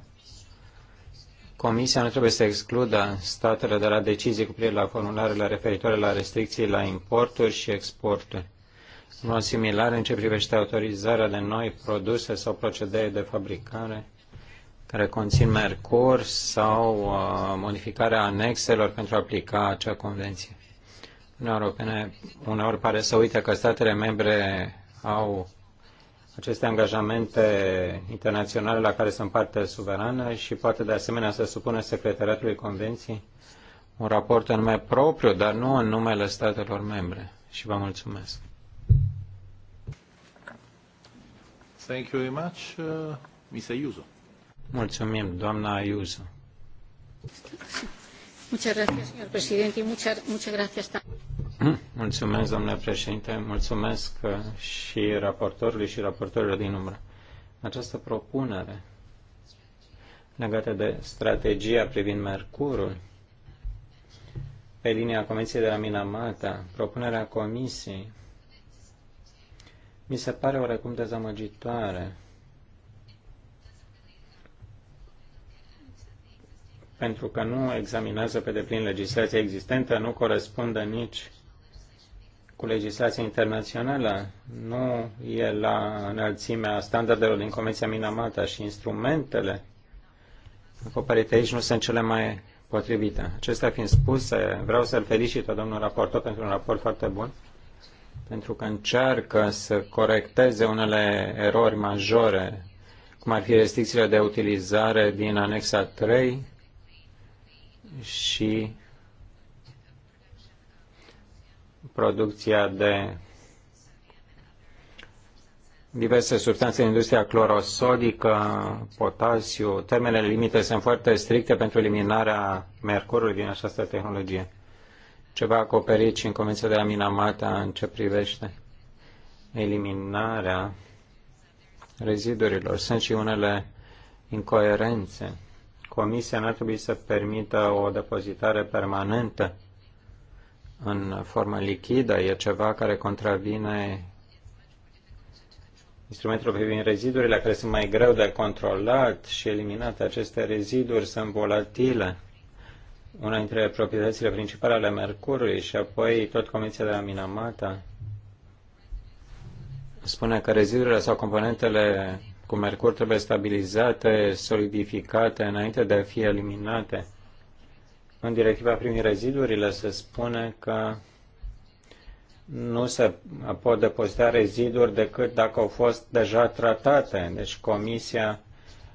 Comisia nu trebuie să excludă statele de la decizii cu privire la formularele referitoare la restricții la importuri și exporturi. În mod similar, în ce privește autorizarea de noi produse sau procedee de fabricare, care conțin mercur sau uh, modificarea anexelor pentru a aplica acea convenție. Uniunea Europeană uneori pare să uite că statele membre au aceste angajamente internaționale la care sunt parte suverană și poate de asemenea să supună Secretariatului Convenției un raport în nume propriu, dar nu în numele statelor membre. Și vă mulțumesc. Thank you very much, uh, Mr. Yuzo. Mulțumim, doamna Ayuso. Mulțumesc, domnule președinte, mulțumesc uh, și raportorului și raportorilor din umbră. Această propunere legată de strategia privind Mercurul pe linia Comisiei de la Minamata, propunerea Comisiei mi se pare oarecum dezamăgitoare pentru că nu examinează pe deplin legislația existentă, nu corespundă nici cu legislația internațională, nu e la înălțimea standardelor din Convenția Minamata și instrumentele acoperite aici nu sunt cele mai potrivite. Acestea fiind spuse, vreau să-l felicit pe domnul raportor pentru un raport foarte bun, pentru că încearcă să corecteze unele erori majore, cum ar fi restricțiile de utilizare din anexa 3, și producția de diverse substanțe în industria clorosodică, potasiu. Termenele limite sunt foarte stricte pentru eliminarea mercurului din această tehnologie. Ceva acoperi și în Convenția de la Minamata în ce privește eliminarea rezidurilor. Sunt și unele incoerențe Comisia nu ar trebui să permită o depozitare permanentă în formă lichidă. E ceva care contravine instrumentelor privind rezidurile, care sunt mai greu de controlat și eliminat. Aceste reziduri sunt volatile. Una dintre proprietățile principale ale mercurului și apoi tot Comisia de la Minamata spune că rezidurile sau componentele cu mercur trebuie stabilizate, solidificate înainte de a fi eliminate. În directiva primii rezidurile se spune că nu se pot depozita reziduri decât dacă au fost deja tratate. Deci comisia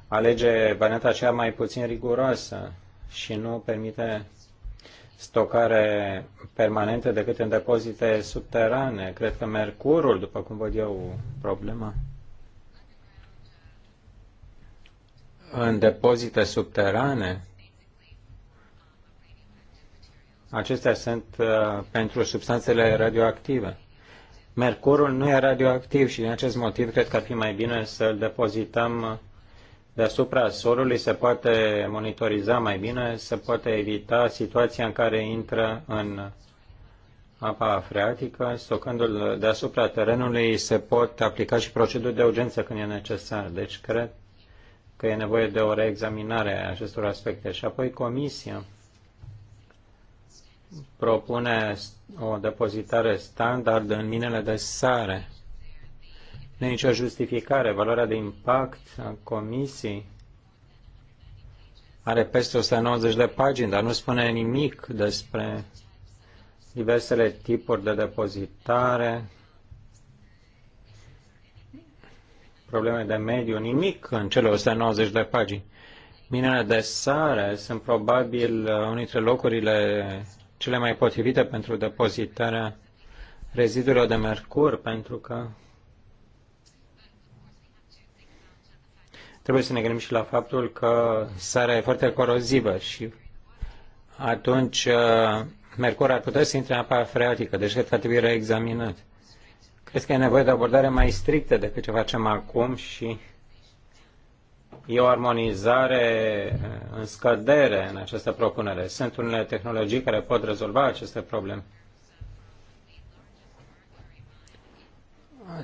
alege varianta cea mai puțin riguroasă și nu permite stocare permanentă decât în depozite subterane. Cred că mercurul, după cum văd eu, problema. în depozite subterane. Acestea sunt uh, pentru substanțele radioactive. Mercurul nu e radioactiv și din acest motiv cred că ar fi mai bine să îl depozităm deasupra solului, se poate monitoriza mai bine, se poate evita situația în care intră în apa freatică, stocându-l deasupra terenului, se pot aplica și proceduri de urgență când e necesar. Deci cred că e nevoie de o reexaminare a acestor aspecte. Și apoi Comisia propune o depozitare standard în minele de sare. Nu e nicio justificare. Valoarea de impact a Comisiei are peste 190 de pagini, dar nu spune nimic despre diversele tipuri de depozitare, probleme de mediu, nimic în cele 190 de pagini. Minele de sare sunt probabil unul dintre locurile cele mai potrivite pentru depozitarea rezidurilor de mercur, pentru că trebuie să ne gândim și la faptul că sarea e foarte corozivă și atunci uh, mercur ar putea să intre în apa freatică, deci cred că ar trebui reexaminat. Crezi că e nevoie de abordare mai strictă decât ce facem acum și e o armonizare uh, în scădere în această propunere. Sunt unele tehnologii care pot rezolva aceste probleme.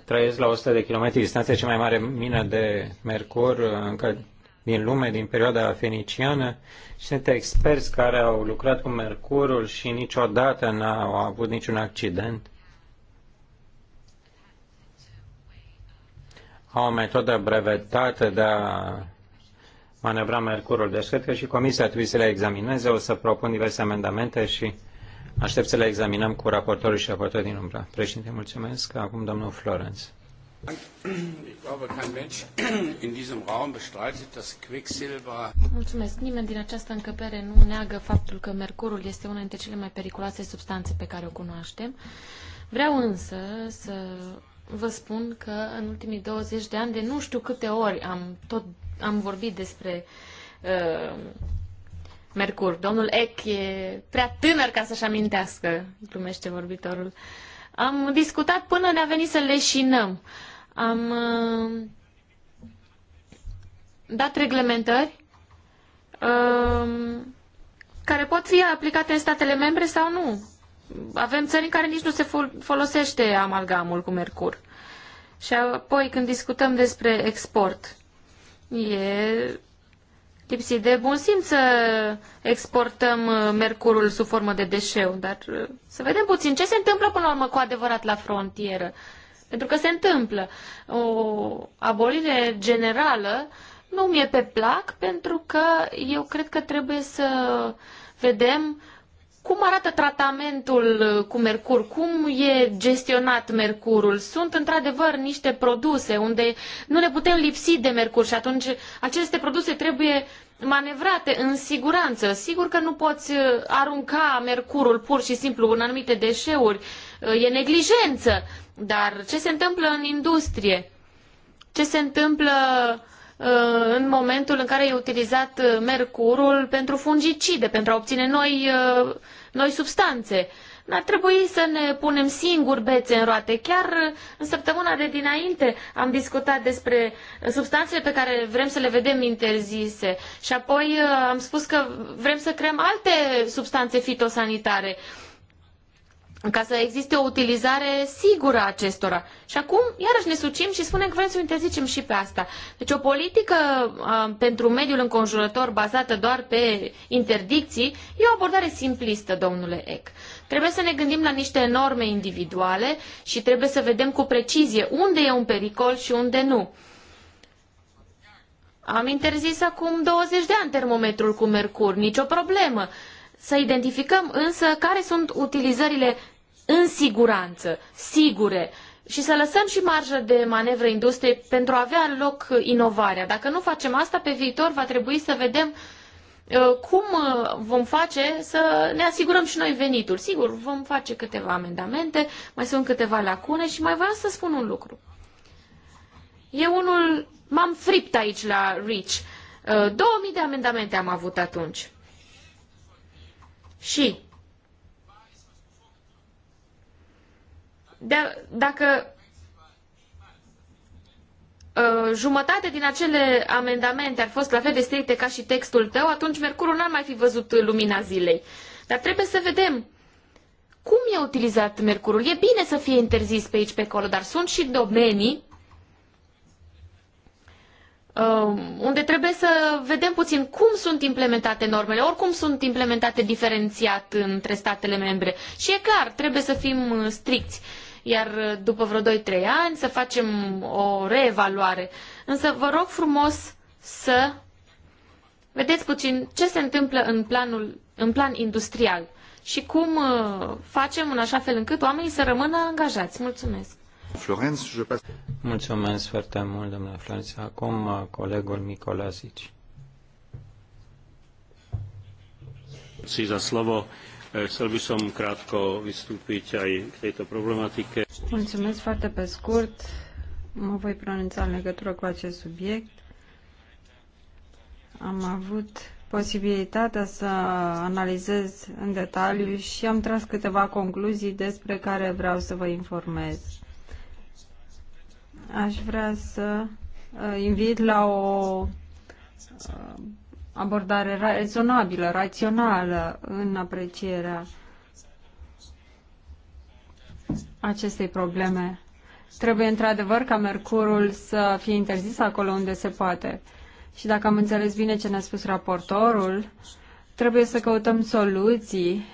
Trăiesc la 100 de kilometri distanță, cea mai mare mină de mercur uh, încă din lume, din perioada feniciană și sunt experți care au lucrat cu mercurul și niciodată n-au avut niciun accident. au o metodă brevetată de a manevra Mercurul. Deci cred că și Comisia trebuie să le examineze. O să propun diverse amendamente și aștept să le examinăm cu raportorul și raportorul din umbra. Președinte, mulțumesc. Acum domnul Florence. Mulțumesc. Nimeni din această încăpere nu neagă faptul că mercurul este una dintre cele mai periculoase substanțe pe care o cunoaștem. Vreau însă să vă spun că în ultimii 20 de ani, de nu știu câte ori am, tot, am vorbit despre uh, Mercur. Domnul Eck e prea tânăr ca să-și amintească, glumește vorbitorul. Am discutat până ne-a venit să leșinăm. Am uh, dat reglementări uh, care pot fi aplicate în statele membre sau nu avem țări în care nici nu se folosește amalgamul cu mercur. Și apoi când discutăm despre export, e lipsit de bun simț să exportăm uh, mercurul sub formă de deșeu, dar uh, să vedem puțin ce se întâmplă până la urmă cu adevărat la frontieră. Pentru că se întâmplă o abolire generală nu mi-e pe plac pentru că eu cred că trebuie să vedem uh, cum arată tratamentul uh, cu mercur? Cum e gestionat mercurul? Sunt într-adevăr niște produse unde nu ne putem lipsi de mercur și atunci aceste produse trebuie manevrate în siguranță. Sigur că nu poți uh, arunca mercurul pur și simplu în anumite deșeuri. Uh, e neglijență. Dar ce se întâmplă în industrie? Ce se întâmplă în momentul în care e utilizat mercurul pentru fungicide, pentru a obține noi noi substanțe. N-ar trebui să ne punem singuri bețe în roate. Chiar în săptămâna de dinainte am discutat despre substanțele pe care vrem să le vedem interzise și apoi uh, am spus că vrem să creăm alte substanțe fitosanitare ca să existe o utilizare sigură a acestora. Și acum, iarăși ne sucim și spunem că vrem să o interzicem și pe asta. Deci o politică a, pentru mediul înconjurător bazată doar pe interdicții e o abordare simplistă, domnule Eck. Trebuie să ne gândim la niște norme individuale și trebuie să vedem cu precizie unde e un pericol și unde nu. Am interzis acum 20 de ani termometrul cu mercur, nicio problemă. Să identificăm însă care sunt utilizările în siguranță, sigure și să lăsăm și marjă de manevră industriei pentru a avea loc inovarea. Dacă nu facem asta, pe viitor va trebui să vedem uh, cum uh, vom face să ne asigurăm și noi venitul. Sigur, vom face câteva amendamente, mai sunt câteva lacune și mai vreau să spun un lucru. Eu unul m-am fript aici la RICH. 2000 uh, de amendamente am avut atunci. Și de, dacă uh, jumătate din acele amendamente ar fost la fel de stricte ca și textul tău, atunci Mercurul n-ar mai fi văzut lumina zilei. Dar trebuie să vedem cum e utilizat Mercurul. E bine să fie interzis pe aici, pe acolo, dar sunt și domenii uh, unde trebuie să vedem puțin cum sunt implementate normele, oricum sunt implementate diferențiat între statele membre. Și e clar, trebuie să fim uh, stricți iar uh, după vreo 2-3 ani să facem o reevaluare. Însă vă rog frumos să vedeți puțin ce se întâmplă în, planul, în plan industrial și cum uh, facem în așa fel încât oamenii să rămână angajați. Mulțumesc! Florence, je pas... Mulțumesc foarte mult, domnule Florence. Acum uh, colegul Micolasici. Si za slovo. Chcel by som krátko vystúpiť aj k tejto problematike. Mulțumesc foarte pe scurt. Mă voi pronunța în legătură cu acest subiect. Am avut posibilitatea să analizez în detaliu și am tras câteva concluzii despre care vreau să vă informez. Aș vrea să invit la o abordare rezonabilă, rațională în aprecierea acestei probleme. Trebuie într-adevăr ca mercurul să fie interzis acolo unde se poate. Și dacă am înțeles bine ce ne-a spus raportorul, trebuie să căutăm soluții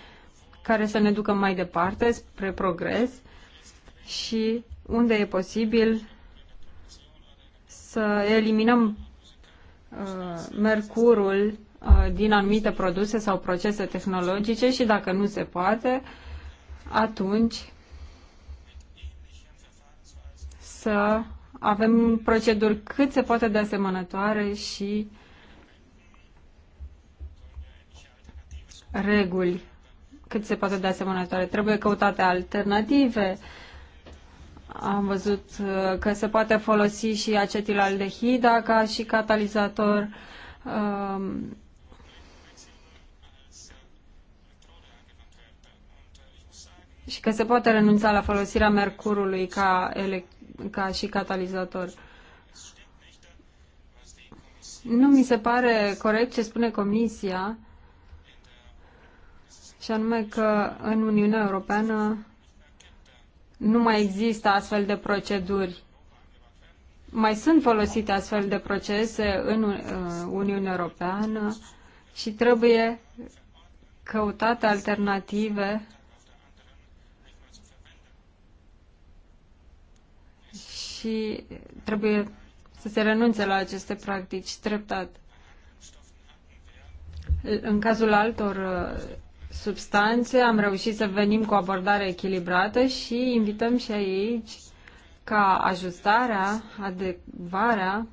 care să ne ducă mai departe spre progres și unde e posibil să eliminăm Uh, mercurul uh, din anumite produse sau procese tehnologice și dacă nu se poate, atunci să avem proceduri cât se poate de asemănătoare și reguli cât se poate de asemănătoare. Trebuie căutate alternative uh, am văzut uh, că se poate folosi și acetilaldehida ca și catalizator. Um, și că se poate renunța la folosirea mercurului ca, ele, ca și catalizator. Nu mi se pare corect ce spune Comisia, și anume că în Uniunea Europeană nu mai există astfel de proceduri. Mai sunt folosite astfel de procese în uh, Uniunea Europeană și trebuie căutate alternative și trebuie să se renunțe la aceste practici treptat. În cazul altor uh, substanțe, am reușit să venim cu o abordare echilibrată și invităm și aici ca ajustarea, adecvarea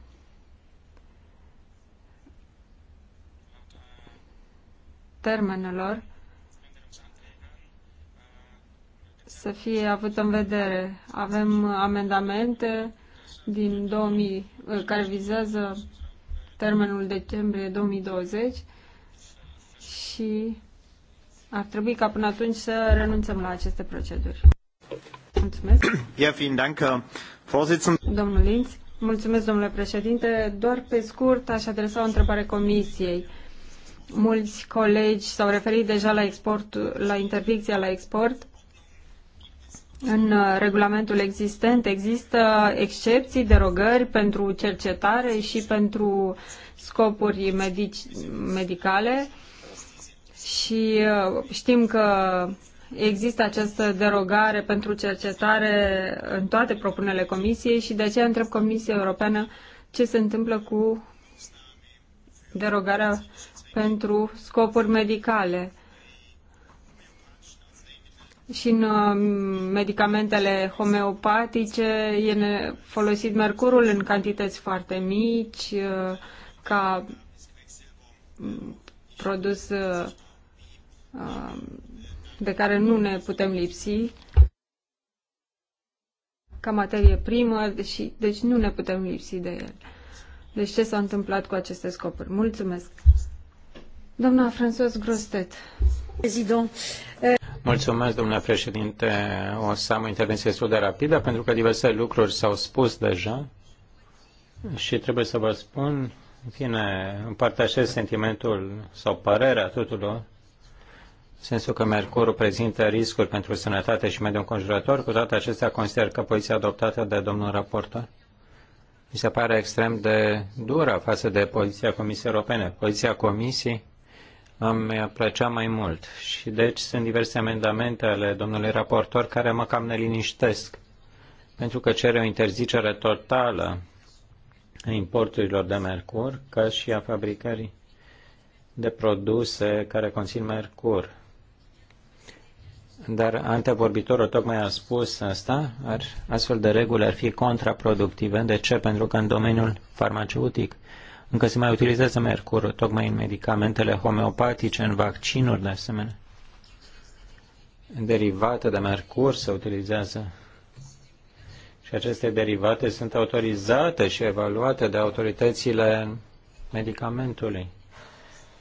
termenelor să fie avut în vedere. Avem amendamente din 2000, care vizează termenul decembrie 2020 și ar trebui ca până atunci să renunțăm la aceste proceduri. Mulțumesc. Ja, vielen Dank, uh, Domnul Linz, mulțumesc, domnule președinte. Doar pe scurt aș adresa o întrebare comisiei. Mulți colegi s-au referit deja la, export, la interdicția la export. În uh, regulamentul existent există excepții, derogări pentru cercetare și pentru scopuri medici, medicale și uh, știm că există această derogare pentru cercetare în toate propunerile Comisiei și de aceea întreb Comisia Europeană ce se întâmplă cu derogarea pentru scopuri medicale și în uh, medicamentele homeopatice e folosit mercurul în cantități foarte mici uh, ca produs Um, de care nu ne putem lipsi ca materie primă deși, deci nu ne putem lipsi de el. Deci ce s-a întâmplat cu aceste scopuri? Mulțumesc! Doamna François Grostet. Mulțumesc, domnule președinte. O să am o intervenție destul de rapidă pentru că diverse lucruri s-au spus deja și trebuie să vă spun, în fine, împărtășesc sentimentul sau părerea tuturor sensul că mercurul prezintă riscuri pentru sănătate și mediul înconjurător. Cu toate acestea, consider că poziția adoptată de domnul raportor mi se pare extrem de dură față de poziția Comisiei Europene. Poziția Comisiei îmi plăcea mai mult și deci sunt diverse amendamente ale domnului raportor care mă cam neliniștesc pentru că cere o interzicere totală a importurilor de mercur ca și a fabricării de produse care conțin mercur dar antevorbitorul tocmai a spus asta, ar, astfel de reguli ar fi contraproductive. De ce? Pentru că în domeniul farmaceutic încă se mai utilizează mercurul, tocmai în medicamentele homeopatice, în vaccinuri de asemenea. Derivate de mercur se utilizează și aceste derivate sunt autorizate și evaluate de autoritățile medicamentului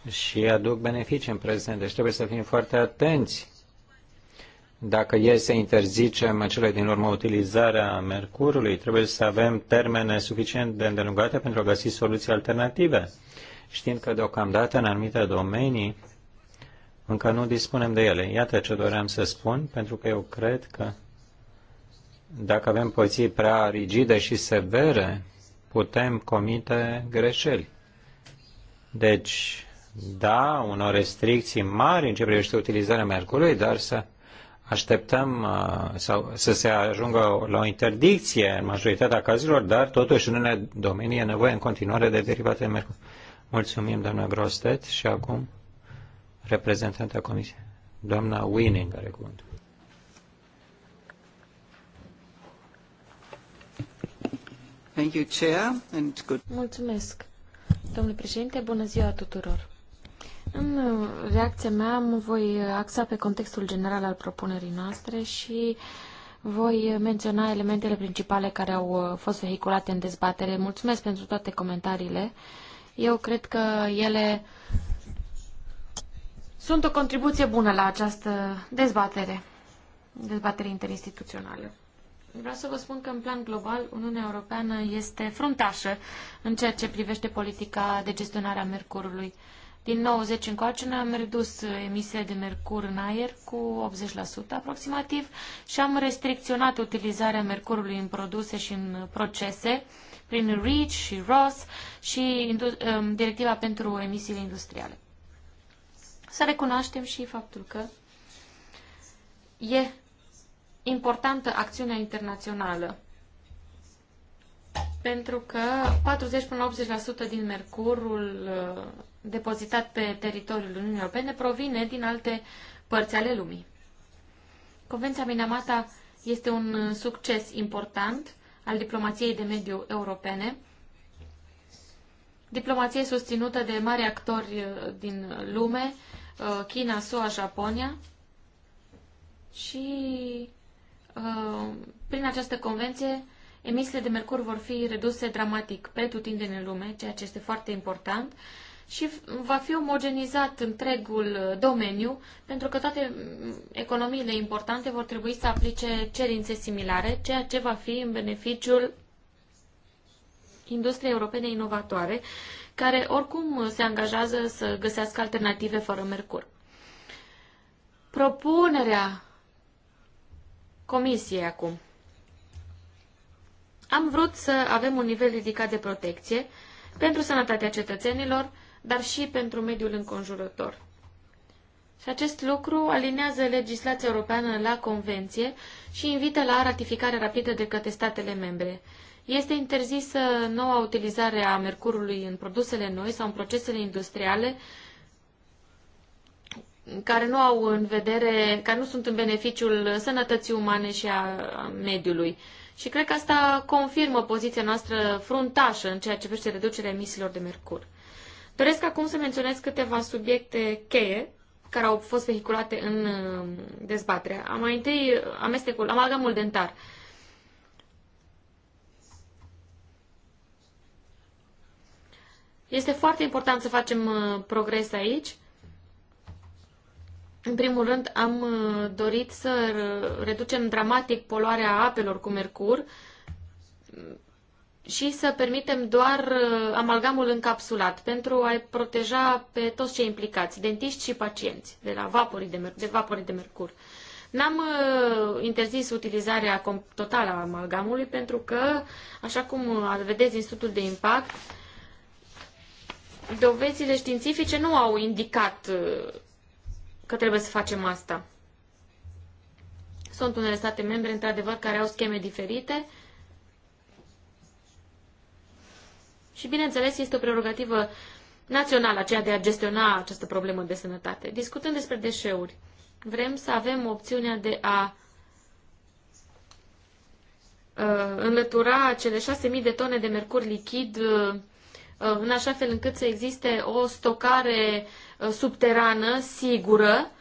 și aduc beneficii în prezent. Deci trebuie să fim foarte atenți dacă e să interzicem în cele din urmă utilizarea mercurului, trebuie să avem termene suficient de îndelungate pentru a găsi soluții alternative, știind că deocamdată în anumite domenii încă nu dispunem de ele. Iată ce doream să spun, pentru că eu cred că dacă avem poziții prea rigide și severe, putem comite greșeli. Deci, da, unor restricții mari în ce privește utilizarea mercurului, dar să Așteptăm uh, sau să se ajungă la o interdicție în majoritatea cazurilor, dar totuși în unele domenii e nevoie în continuare de derivate de mercur. Mulțumim, doamna Grostet, și acum reprezentanta Comisiei, doamna Winning, are cuvântul. Mulțumesc, domnule președinte, bună ziua tuturor. În reacția mea mă voi axa pe contextul general al propunerii noastre și voi menționa elementele principale care au uh, fost vehiculate în dezbatere. Mulțumesc pentru toate comentariile. Eu cred că ele sunt o contribuție bună la această dezbatere, dezbatere interinstituțională. Vreau să vă spun că în plan global Uniunea Europeană este fruntașă în ceea ce privește politica de gestionare a mercurului. Din 90 încoace ne-am redus emisiile de mercur în aer cu 80% aproximativ și am restricționat utilizarea mercurului în produse și în procese prin REACH și ROS și um, directiva pentru emisiile industriale. Să recunoaștem și faptul că e importantă acțiunea internațională pentru că 40 până la 80% din mercurul uh, depozitat pe teritoriul Uniunii Europene provine din alte părți ale lumii. Convenția Minamata este un uh, succes important al diplomației de mediu europene, diplomație susținută de mari actori uh, din lume, uh, China, SUA, Japonia și prin această convenție emisiile de mercur vor fi reduse dramatic pe tutindeni în lume, ceea ce este foarte important și va fi omogenizat întregul uh, domeniu, pentru că toate mm, economiile importante vor trebui să aplice cerințe similare, ceea ce va fi în beneficiul industriei europene inovatoare, care oricum uh, se angajează să găsească alternative fără mercur. Propunerea Comisiei acum. Am vrut să avem un nivel ridicat de protecție pentru sănătatea cetățenilor, dar și pentru mediul înconjurător. Și acest lucru alinează legislația europeană la convenție și invită la ratificare rapidă de către statele membre. Este interzisă noua utilizare a mercurului în produsele noi sau în procesele industriale care nu au în vedere, care nu sunt în beneficiul sănătății umane și a mediului. Și cred că asta confirmă poziția noastră fruntașă în ceea ce privește reducerea emisiilor de mercur. Doresc acum să menționez câteva subiecte cheie care au fost vehiculate în um, dezbatere. Am mai întâi amestecul, amalgamul dentar. Este foarte important să facem uh, progres aici. În primul rând, am uh, dorit să reducem dramatic poluarea apelor cu mercur și să permitem doar uh, amalgamul încapsulat pentru a proteja pe toți cei implicați, dentiști și pacienți, de la vaporii de, de, vaporii de mercur. N-am uh, interzis utilizarea totală a amalgamului pentru că, așa cum uh, vedeți din studiul de impact, dovezile științifice nu au indicat uh, că trebuie să facem asta. Sunt unele state membre, într-adevăr, care au scheme diferite, Și, bineînțeles, este o prerogativă națională aceea de a gestiona această problemă de sănătate. Discutând despre deșeuri, vrem să avem opțiunea de a uh, înlătura cele 6.000 de tone de mercur lichid uh, uh, în așa fel încât să existe o stocare subterană sigură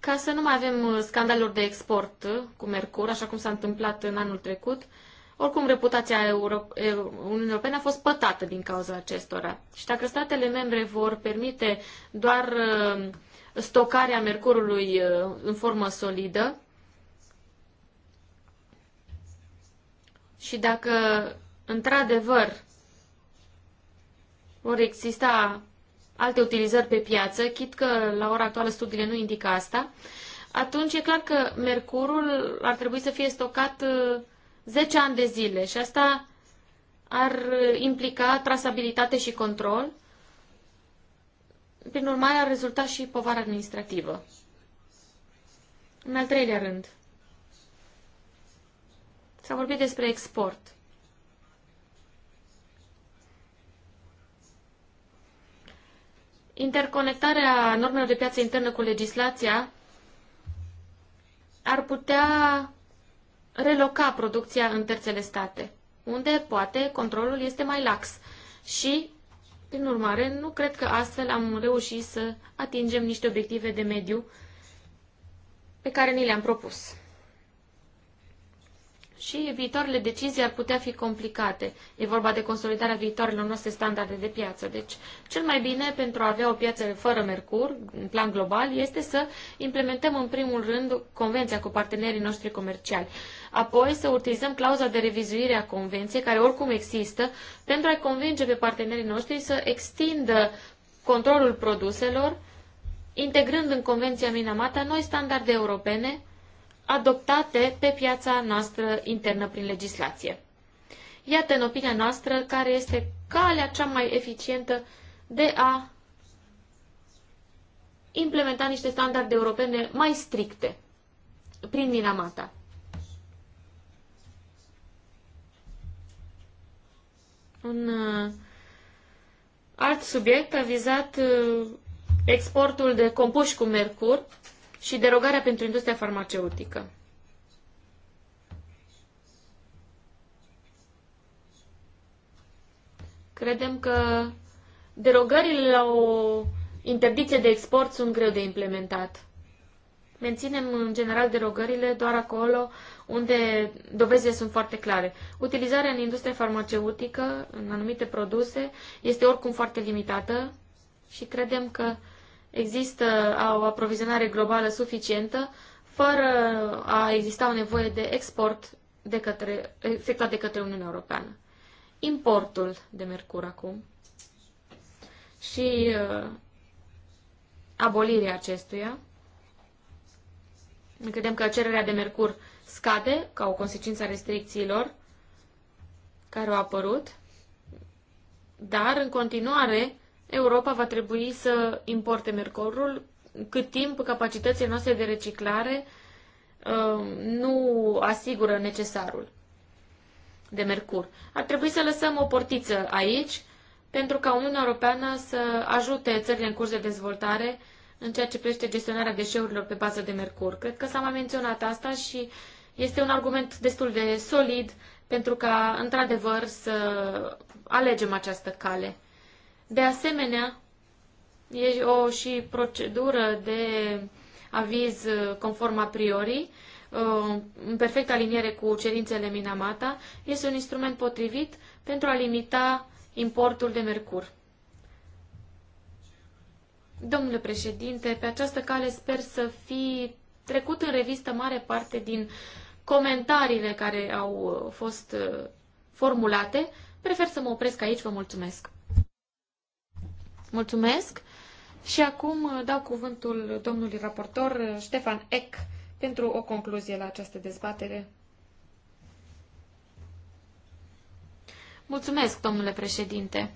ca să nu mai avem scandaluri de export cu mercur, așa cum s-a întâmplat în anul trecut, oricum, reputația Uniunii Europene a fost pătată din cauza acestora. Și dacă statele membre vor permite doar uh, stocarea mercurului uh, în formă solidă, și dacă într-adevăr vor exista alte utilizări pe piață, chit că la ora actuală studiile nu indică asta, atunci e clar că mercurul ar trebui să fie stocat uh, 10 ani de zile și asta ar implica trasabilitate și control. Prin urmare, ar rezulta și povară administrativă. În al treilea rând, s-a vorbit despre export. Interconectarea normelor de piață internă cu legislația ar putea reloca producția în terțele state, unde poate controlul este mai lax. Și, prin urmare, nu cred că astfel am reușit să atingem niște obiective de mediu pe care ni le-am propus și viitoarele decizii ar putea fi complicate. E vorba de consolidarea viitoarelor noastre standarde de piață. Deci, cel mai bine pentru a avea o piață fără mercur, în plan global, este să implementăm în primul rând convenția cu partenerii noștri comerciali. Apoi să utilizăm clauza de revizuire a convenției, care oricum există, pentru a-i convinge pe partenerii noștri să extindă controlul produselor, integrând în Convenția Minamata noi standarde europene adoptate pe piața noastră internă prin legislație. Iată, în opinia noastră, care este calea cea mai eficientă de a implementa niște standarde europene mai stricte prin Minamata. Un uh, alt subiect a vizat uh, exportul de compuși cu mercur și derogarea pentru industria farmaceutică. Credem că derogările la o interdicție de export sunt greu de implementat. Menținem în general derogările doar acolo unde dovezile sunt foarte clare. Utilizarea în industria farmaceutică, în anumite produse, este oricum foarte limitată și credem că există o aprovizionare globală suficientă fără a exista o nevoie de export de către, efectuat de către Uniunea Europeană. Importul de mercur acum și uh, abolirea acestuia. Ne credem că cererea de mercur scade ca o consecință a restricțiilor care au apărut, dar în continuare Europa va trebui să importe mercurul cât timp capacitățile noastre de reciclare uh, nu asigură necesarul de mercur. Ar trebui să lăsăm o portiță aici pentru ca Uniunea Europeană să ajute țările în curs de dezvoltare în ceea ce privește gestionarea deșeurilor pe bază de mercur. Cred că s-a mai menționat asta și este un argument destul de solid pentru ca, într-adevăr, să alegem această cale. De asemenea, e o și procedură de aviz uh, conform a priori, uh, în perfectă aliniere cu cerințele Minamata, este un instrument potrivit pentru a limita importul de mercur. Domnule președinte, pe această cale sper să fi trecut în revistă mare parte din comentariile care au uh, fost formulate. Prefer să mă opresc aici. Vă mulțumesc! Mulțumesc! Și acum uh, dau cuvântul domnului raportor uh, Ștefan Eck pentru o concluzie la această dezbatere. Mulțumesc, domnule președinte.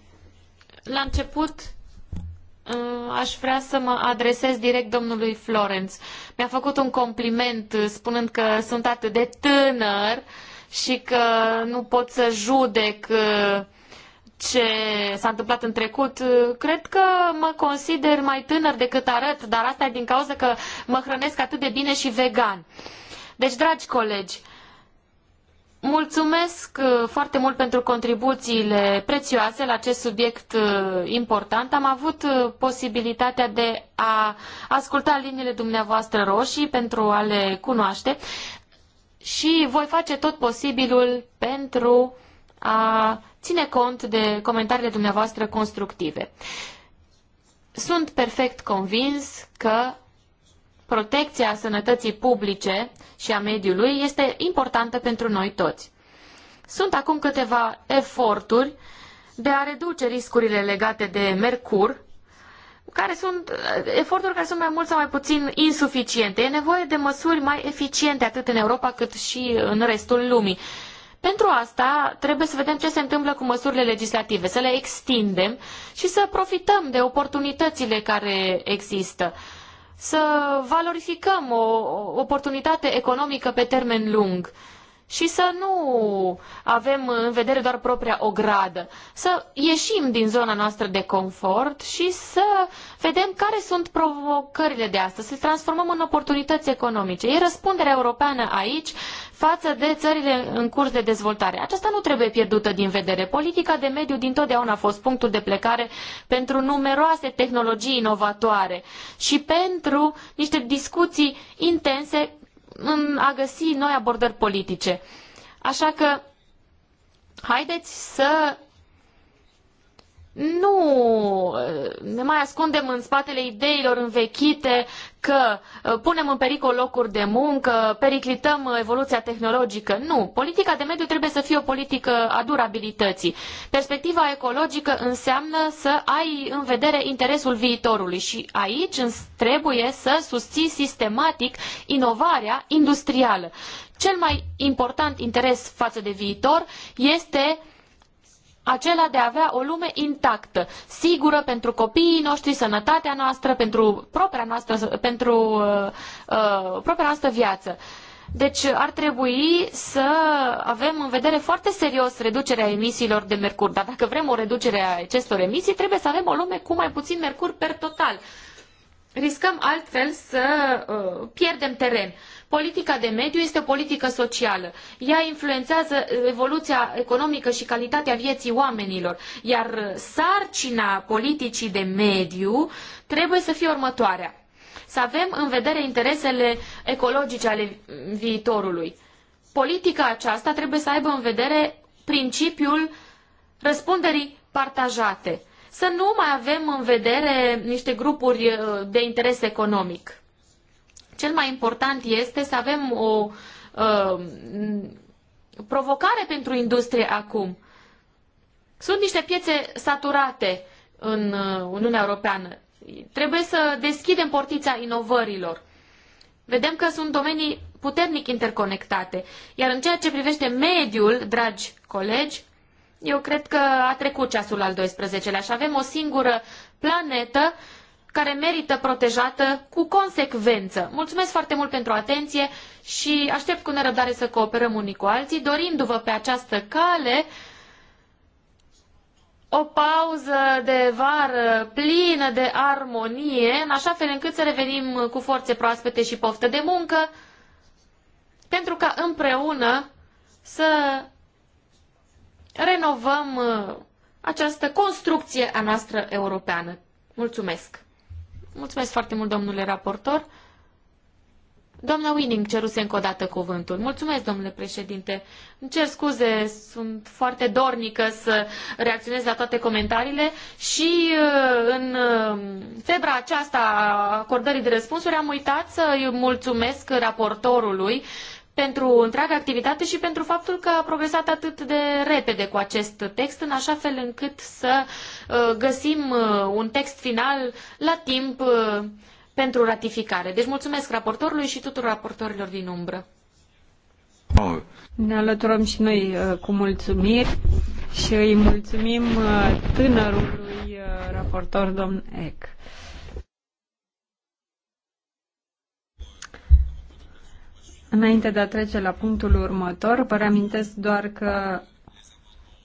La început uh, aș vrea să mă adresez direct domnului Florence. Mi-a făcut un compliment spunând că sunt atât de tânăr și că nu pot să judec uh, ce s-a întâmplat în trecut. Cred că mă consider mai tânăr decât arăt, dar asta e din cauza că mă hrănesc atât de bine și vegan. Deci, dragi colegi, mulțumesc uh, foarte mult pentru contribuțiile prețioase la acest subiect uh, important. Am avut uh, posibilitatea de a asculta liniile dumneavoastră roșii pentru a le cunoaște și voi face tot posibilul pentru a ține cont de comentariile dumneavoastră constructive. Sunt perfect convins că protecția sănătății publice și a mediului este importantă pentru noi toți. Sunt acum câteva eforturi de a reduce riscurile legate de mercur, care sunt eforturi care sunt mai mult sau mai puțin insuficiente. E nevoie de măsuri mai eficiente atât în Europa cât și în restul lumii. Pentru asta trebuie să vedem ce se întâmplă cu măsurile legislative, să le extindem și să profităm de oportunitățile care există să valorificăm o oportunitate economică pe termen lung și să nu avem în vedere doar propria ogradă, să ieșim din zona noastră de confort și să vedem care sunt provocările de astăzi, să le transformăm în oportunități economice. E răspunderea europeană aici față de țările în curs de dezvoltare. Aceasta nu trebuie pierdută din vedere. Politica de mediu dintotdeauna a fost punctul de plecare pentru numeroase tehnologii inovatoare și pentru niște discuții intense în a găsi noi abordări politice. Așa că haideți să nu ne mai ascundem în spatele ideilor învechite că uh, punem în pericol locuri de muncă, periclităm uh, evoluția tehnologică. Nu, politica de mediu trebuie să fie o politică a durabilității. Perspectiva ecologică înseamnă să ai în vedere interesul viitorului și aici trebuie să susții sistematic inovarea industrială. Cel mai important interes față de viitor este acela de a avea o lume intactă, sigură pentru copiii noștri, sănătatea noastră, pentru propria noastră, pentru, uh, uh, propria noastră viață. Deci ar trebui să avem în vedere foarte serios reducerea emisiilor de mercur. Dar dacă vrem o reducere a acestor emisii, trebuie să avem o lume cu mai puțin mercur per total. Riscăm altfel să uh, pierdem teren. Politica de mediu este o politică socială. Ea influențează uh, evoluția economică și calitatea vieții oamenilor, iar uh, sarcina politicii de mediu trebuie să fie următoarea. Să avem în vedere interesele ecologice ale viitorului. Politica aceasta trebuie să aibă în vedere principiul răspunderii partajate. Să nu mai avem în vedere niște grupuri uh, de interes economic. Cel mai important este să avem o uh, provocare pentru industrie acum. Sunt niște piețe saturate în uh, Uniunea Europeană. Trebuie să deschidem portița inovărilor. Vedem că sunt domenii puternic interconectate. Iar în ceea ce privește mediul, dragi colegi, eu cred că a trecut ceasul al 12-lea și avem o singură planetă care merită protejată cu consecvență. Mulțumesc foarte mult pentru atenție și aștept cu nerăbdare să cooperăm unii cu alții, dorindu-vă pe această cale o pauză de vară plină de armonie, în așa fel încât să revenim cu forțe proaspete și poftă de muncă, pentru ca împreună să renovăm uh, această construcție a noastră europeană. Mulțumesc! Mulțumesc foarte mult, domnule raportor. Doamna Winning ceruse încă o dată cuvântul. Mulțumesc, domnule președinte. Îmi cer scuze, sunt foarte dornică să reacționez la toate comentariile și uh, în uh, febra aceasta a acordării de răspunsuri am uitat să îi mulțumesc raportorului pentru întreaga activitate și pentru faptul că a progresat atât de repede cu acest text, în așa fel încât să uh, găsim uh, un text final la timp uh, pentru ratificare. Deci mulțumesc raportorului și tuturor raportorilor din umbră. Ne alăturăm și noi cu mulțumiri și îi mulțumim tânărului raportor domn Eck. Înainte de a trece la punctul următor, vă reamintesc doar că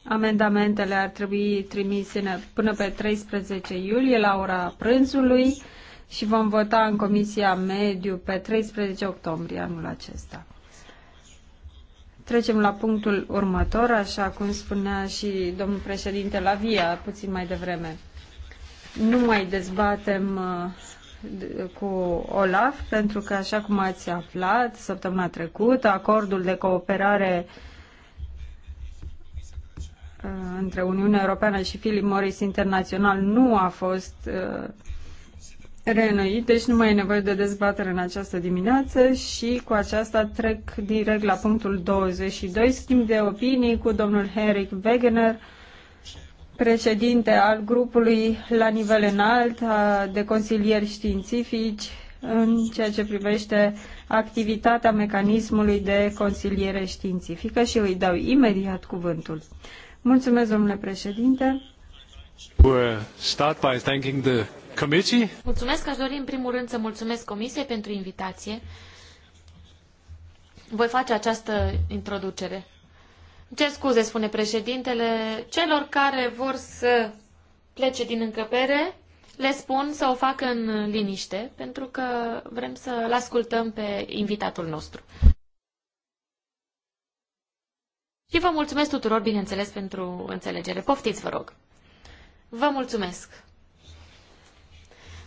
amendamentele ar trebui trimise până pe 13 iulie la ora prânzului și vom vota în Comisia Mediu pe 13 octombrie anul acesta. Trecem la punctul următor, așa cum spunea și domnul președinte Lavia puțin mai devreme. Nu mai dezbatem uh, cu OLAF, pentru că, așa cum ați aflat săptămâna trecută, acordul de cooperare uh, între Uniunea Europeană și Philip Morris Internațional nu a fost uh, reînnoit, deci nu mai e nevoie de dezbatere în această dimineață și cu aceasta trec direct la punctul 22, schimb de opinii cu domnul Henrik Wegener, președinte al grupului la nivel înalt de consilieri științifici în ceea ce privește activitatea mecanismului de consiliere științifică și îi dau imediat cuvântul. Mulțumesc, domnule președinte. Uh, mulțumesc, aș dori în primul rând să mulțumesc Comisiei pentru invitație. Voi face această introducere. Ce scuze, spune președintele, celor care vor să plece din încăpere, le spun să o facă în liniște, pentru că vrem să-l ascultăm pe invitatul nostru. Și vă mulțumesc tuturor, bineînțeles, pentru înțelegere. Poftiți, vă rog. Vă mulțumesc.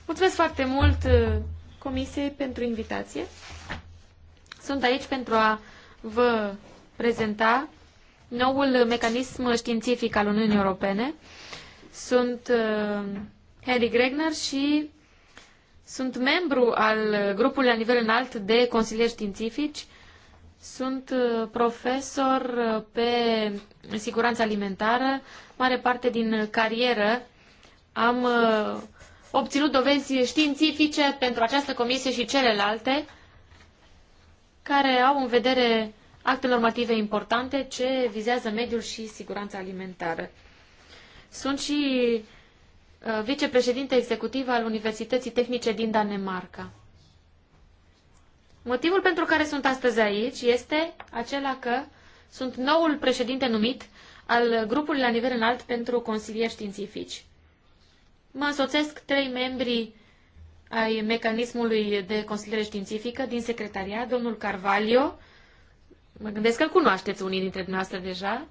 Mulțumesc foarte mult uh, Comisiei pentru invitație. Sunt aici pentru a vă prezenta noul mecanism științific al Uniunii Europene. Sunt uh, Henry Gregner și sunt membru al grupului la nivel înalt de consilieri științifici. Sunt uh, profesor uh, pe siguranță alimentară. Mare parte din carieră am obținut dovezi științifice pentru această comisie și celelalte care au în vedere acte normative importante ce vizează mediul și siguranța alimentară. Sunt și uh, vicepreședinte executiv al Universității Tehnice din Danemarca. Motivul pentru care sunt astăzi aici este acela că sunt noul președinte numit al grupului la nivel înalt pentru consilieri științifici. Mă însoțesc trei membri ai mecanismului de consiliere științifică din secretariat, domnul Carvalho, Mă gândesc că îl cunoașteți unii dintre dumneavoastră deja.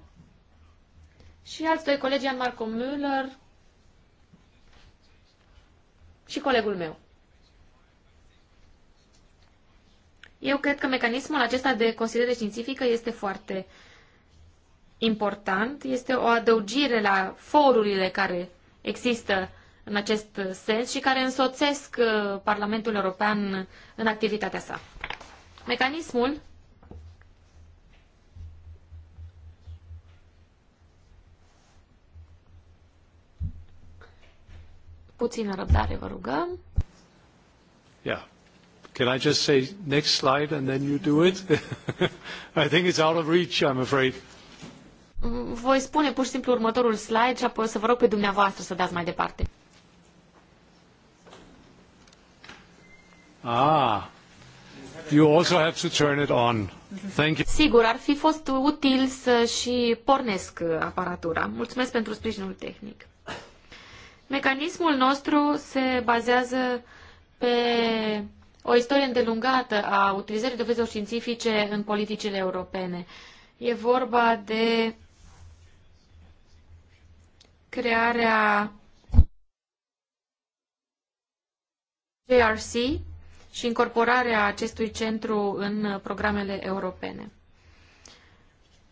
Și alți doi colegi, Ian Marco Müller și colegul meu. Eu cred că mecanismul acesta de considerare științifică este foarte important. Este o adăugire la forurile care există în acest sens și care însoțesc uh, Parlamentul European în activitatea sa. Mecanismul Puțină răbdare, vă rugăm. Yeah. Can I just say next slide and then you do it? I think it's out of reach, I'm afraid. Voi spune pur și simplu următorul slide și apoi să vă rog pe dumneavoastră să dați mai departe. Ah, you also have to turn it on. Thank you. Sigur, ar fi fost util să și pornesc aparatura. Mulțumesc pentru sprijinul tehnic. Mecanismul nostru se bazează pe o istorie îndelungată a utilizării dovezilor științifice în politicile europene. E vorba de crearea JRC și incorporarea acestui centru în programele europene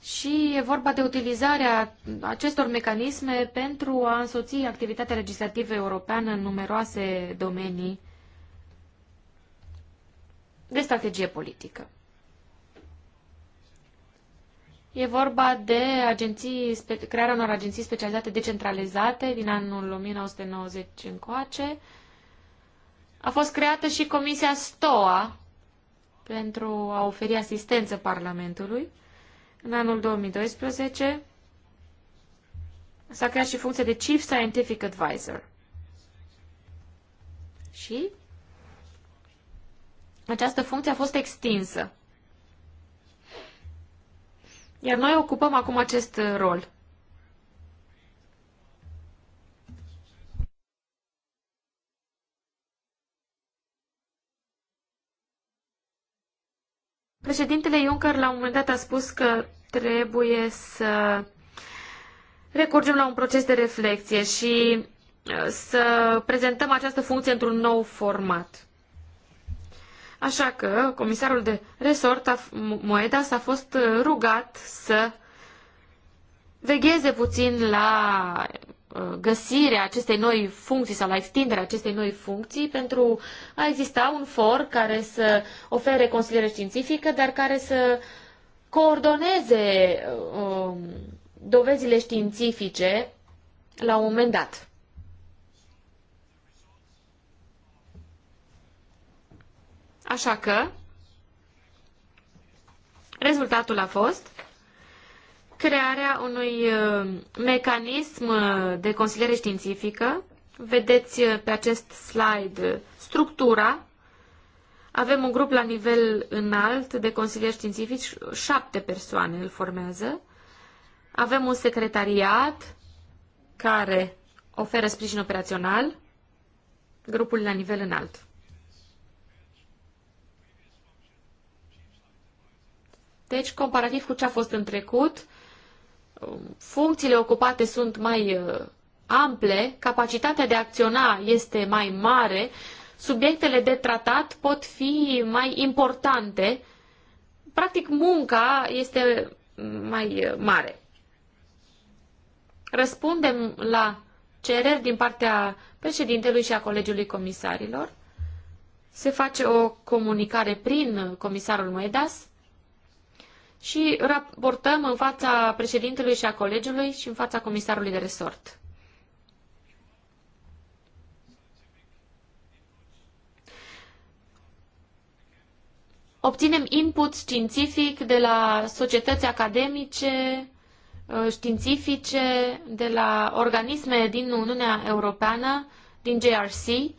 și e vorba de utilizarea acestor mecanisme pentru a însoți activitatea legislativă europeană în numeroase domenii de strategie politică. E vorba de agenții, crearea unor agenții specializate decentralizate din anul 1990 încoace. A fost creată și Comisia STOA pentru a oferi asistență Parlamentului. În anul 2012 s-a creat și funcția de Chief Scientific Advisor. Și această funcție a fost extinsă. Iar noi ocupăm acum acest uh, rol. Președintele Juncker la un moment dat a spus că trebuie să recurgem la un proces de reflexie și uh, să prezentăm această funcție într-un nou format. Așa că comisarul de resort, Moedas, a fost uh, rugat să vegheze puțin la uh, găsirea acestei noi funcții sau la extinderea acestei noi funcții pentru a exista un for care să ofere consiliere științifică, dar care să coordoneze um, dovezile științifice la un moment dat. Așa că rezultatul a fost crearea unui uh, mecanism de consiliere științifică. Vedeți uh, pe acest slide structura avem un grup la nivel înalt de consilieri științifici, șapte persoane îl formează. Avem un secretariat care oferă sprijin operațional, grupul la nivel înalt. Deci, comparativ cu ce a fost în trecut, funcțiile ocupate sunt mai uh, ample, capacitatea de a acționa este mai mare subiectele de tratat pot fi mai importante. Practic, munca este mai mare. Răspundem la cereri din partea președintelui și a colegiului comisarilor. Se face o comunicare prin comisarul Moedas și raportăm în fața președintelui și a colegiului și în fața comisarului de resort. obținem input științific de la societăți academice, uh, științifice, de la organisme din Uniunea Europeană, din JRC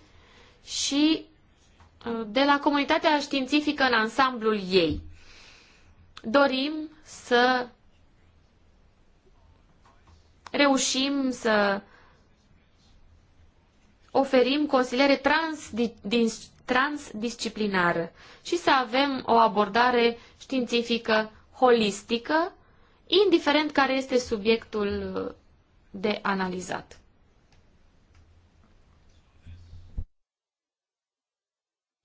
și uh, de la comunitatea științifică în ansamblul ei. Dorim să reușim să oferim consiliere transdisciplinare transdisciplinară și să avem o abordare științifică holistică, indiferent care este subiectul uh, de analizat.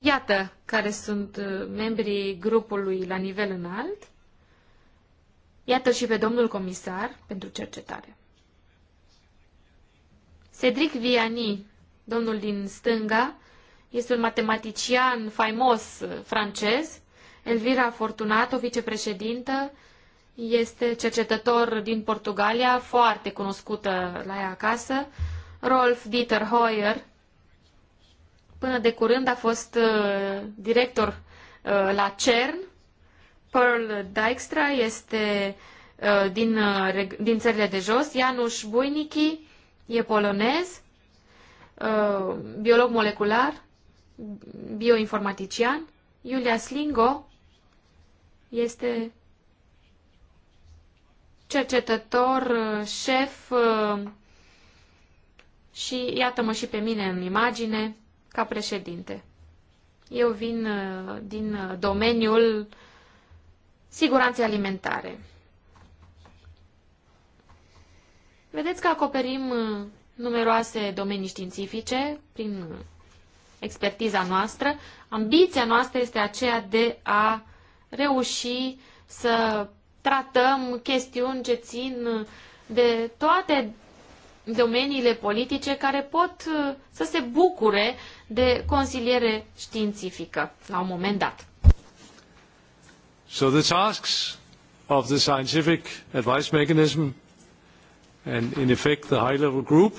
Iată care sunt uh, membrii grupului la nivel înalt. iată și pe domnul comisar pentru cercetare. Cedric Viani, domnul din stânga, este un matematician faimos uh, francez. Elvira Fortunato, vicepreședintă, este cercetător din Portugalia, foarte cunoscută la ea acasă. Rolf Dieter Hoyer, până de curând a fost uh, director uh, la CERN. Pearl Dijkstra este din, din țările de jos. Janusz Bujnicki e polonez, biolog molecular bioinformatician. Iulia Slingo este cercetător, șef uh, și iată-mă și pe mine în imagine ca președinte. Eu vin uh, din uh, domeniul siguranței alimentare. Vedeți că acoperim numeroase domenii științifice prin expertiza noastră. Ambiția noastră este aceea de a reuși să tratăm chestiuni ce țin de toate domeniile politice care pot uh, să se bucure de consiliere științifică la un moment dat. So the tasks of the scientific advice mechanism and in effect the high level group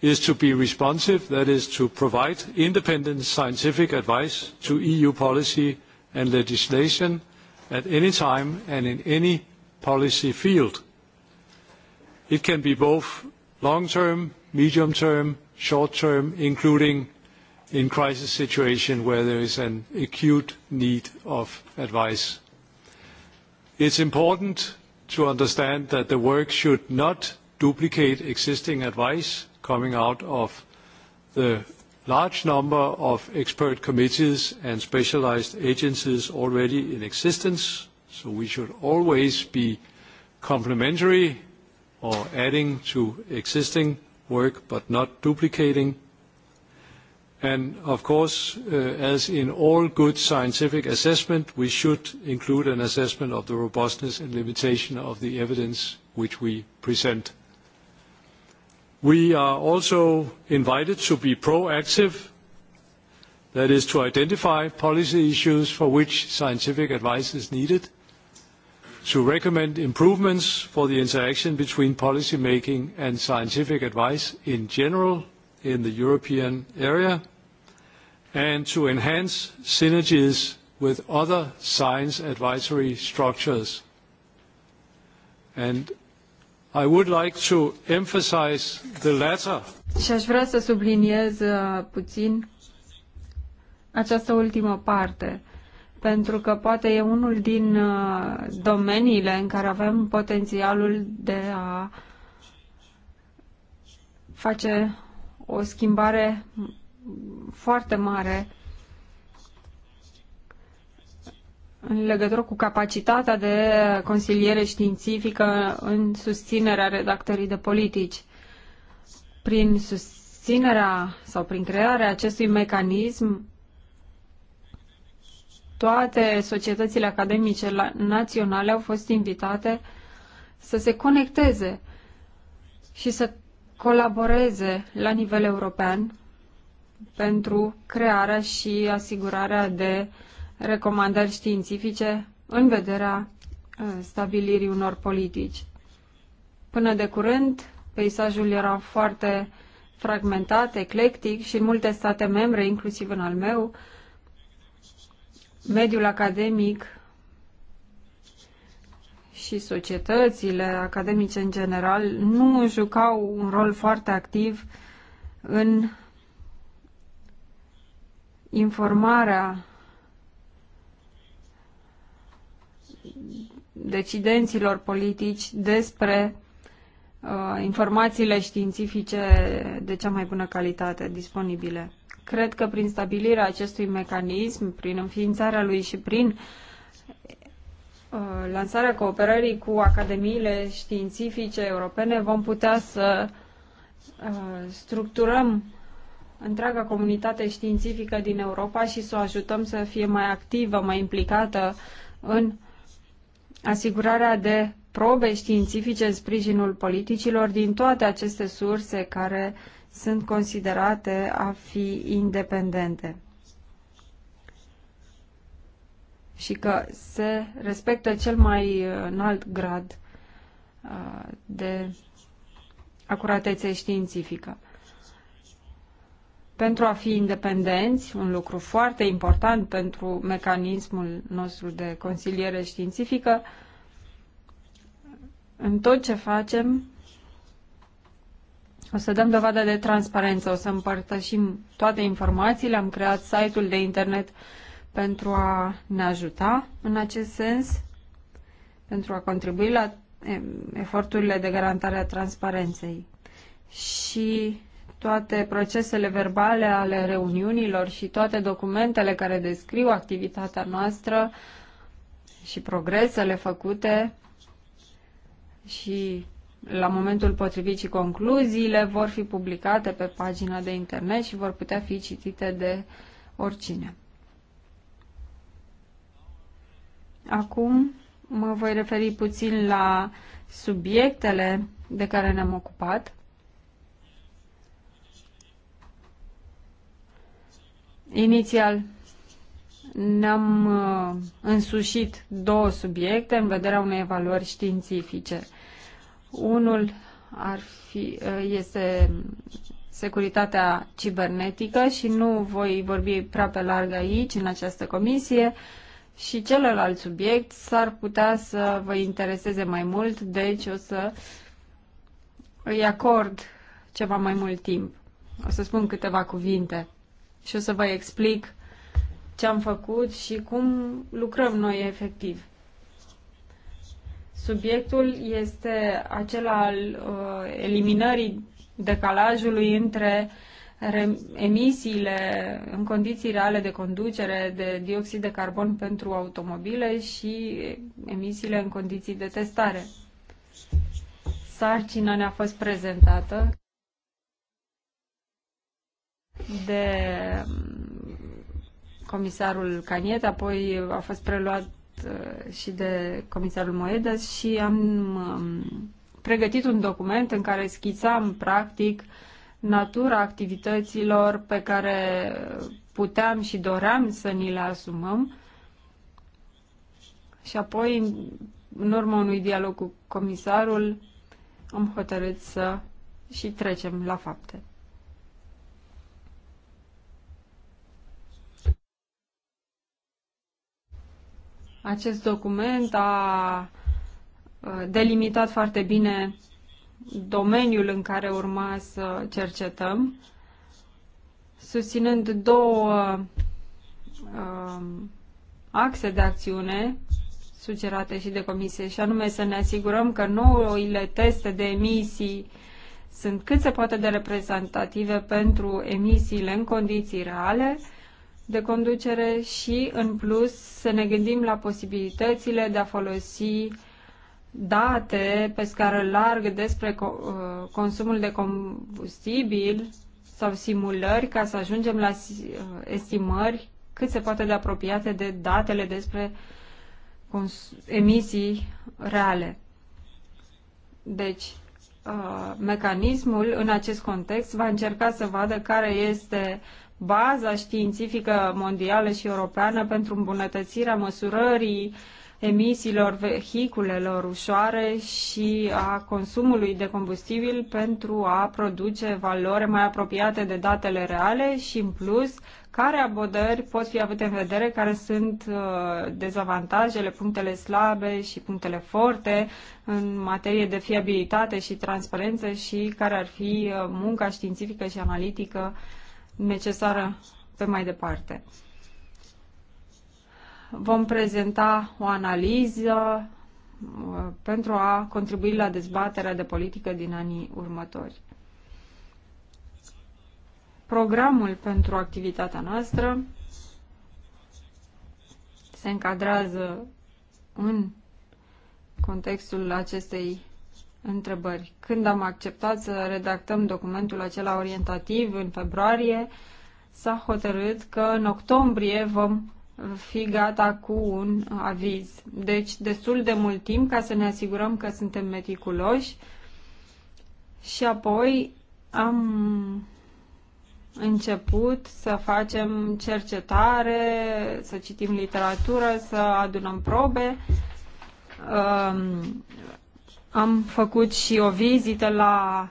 is to be responsive, that is to provide independent scientific advice to EU policy and legislation at any time and in any policy field. It can be both long-term, medium-term, short-term, including in crisis situation where there is an acute need of advice. It's important to understand that the work should not duplicate existing advice coming out of the large number of expert committees and specialized agencies already in existence, so we should always be complementary or adding to existing work, but not duplicating. And of course, uh, as in all good scientific assessment, we should include an assessment of the robustness and limitation of the evidence which we present. We are also invited to be proactive, that is to identify policy issues for which scientific advice is needed, to recommend improvements for the interaction between policy making and scientific advice in general in the European area, and to enhance synergies with other science advisory structures. And I would like to emphasize the latter. Și aș vrea să subliniez uh, puțin această ultimă parte, pentru că poate e unul din uh, domeniile în care avem potențialul de a face o schimbare foarte mare în legătură cu capacitatea de consiliere științifică în susținerea redactării de politici. Prin susținerea sau prin crearea acestui mecanism, toate societățile academice naționale au fost invitate să se conecteze și să colaboreze la nivel european pentru crearea și asigurarea de uh, recomandări științifice în vederea uh, stabilirii unor politici. Până de curând, peisajul era foarte fragmentat, eclectic și în multe state membre, inclusiv în al meu, mediul academic și societățile academice în general nu jucau un rol foarte activ în informarea decidenților politici despre uh, informațiile științifice de cea mai bună calitate disponibile. Cred că prin stabilirea acestui mecanism, prin înființarea lui și prin uh, lansarea cooperării cu academiile științifice europene vom putea să uh, structurăm întreaga comunitate științifică din Europa și să o ajutăm să fie mai activă, mai implicată în asigurarea de probe științifice în sprijinul politicilor din toate aceste surse care sunt considerate a fi independente și că se respectă cel mai înalt grad uh, de acuratețe științifică pentru a fi independenți, un lucru foarte important pentru mecanismul nostru de consiliere științifică, în tot ce facem o să dăm dovadă de transparență, o să împărtășim toate informațiile, am creat site-ul de internet pentru a ne ajuta în acest sens, pentru a contribui la eh, eforturile de garantare a transparenței. Și toate procesele verbale ale reuniunilor și toate documentele care descriu activitatea noastră și progresele făcute și la momentul potrivit și concluziile vor fi publicate pe pagina de internet și vor putea fi citite de oricine. Acum mă voi referi puțin la subiectele de care ne-am ocupat. Inițial ne-am uh, însușit două subiecte în vederea unei evaluări științifice. Unul ar fi, uh, este securitatea cibernetică și nu voi vorbi prea pe larg aici, în această comisie, și celălalt subiect s-ar putea să vă intereseze mai mult, deci o să îi acord ceva mai mult timp. O să spun câteva cuvinte și o să vă explic ce am făcut și cum lucrăm noi efectiv. Subiectul este acela al uh, eliminării decalajului între emisiile în condiții reale de conducere de dioxid de carbon pentru automobile și emisiile în condiții de testare. Sarcina ne-a fost prezentată de mm, comisarul Caniet, apoi a fost preluat uh, și de comisarul Moedas și am mm, pregătit un document în care schițam practic natura activităților pe care puteam și doream să ni le asumăm și apoi în urma unui dialog cu comisarul am hotărât să și trecem la fapte. Acest document a delimitat foarte bine domeniul în care urma să cercetăm, susținând două um, axe de acțiune sugerate și de comisie, și anume să ne asigurăm că noile teste de emisii sunt cât se poate de reprezentative pentru emisiile în condiții reale de conducere și, în plus, să ne gândim la posibilitățile de a folosi date pe scară largă despre uh, consumul de combustibil sau simulări ca să ajungem la uh, estimări cât se poate de apropiate de datele despre emisii reale. Deci, uh, mecanismul în acest context va încerca să vadă care este baza științifică mondială și europeană pentru îmbunătățirea măsurării emisiilor vehiculelor ușoare și a consumului de combustibil pentru a produce valori mai apropiate de datele reale și, în plus, care abordări pot fi avute în vedere, care sunt uh, dezavantajele, punctele slabe și punctele forte în materie de fiabilitate și transparență și care ar fi uh, munca științifică și analitică necesară pe mai departe. Vom prezenta o analiză uh, pentru a contribui la dezbaterea de politică din anii următori. Programul pentru activitatea noastră se încadrează în contextul acestei întrebări. Când am acceptat să redactăm documentul acela orientativ în februarie, s-a hotărât că în octombrie vom fi gata cu un aviz. Deci destul de mult timp ca să ne asigurăm că suntem meticuloși și apoi am început să facem cercetare, să citim literatură, să adunăm probe. Am făcut și o vizită la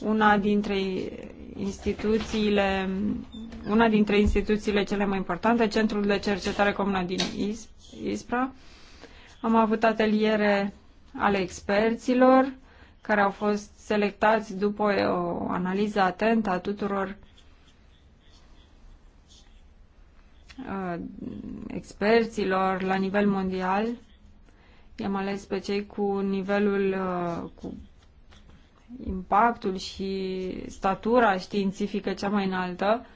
una dintre instituțiile, una dintre instituțiile cele mai importante, Centrul de Cercetare Comună din Ispra. Am avut ateliere ale experților care au fost selectați după o analiză atentă a tuturor uh, experților la nivel mondial I-am ales pe cei cu nivelul, uh, cu impactul și statura științifică cea mai înaltă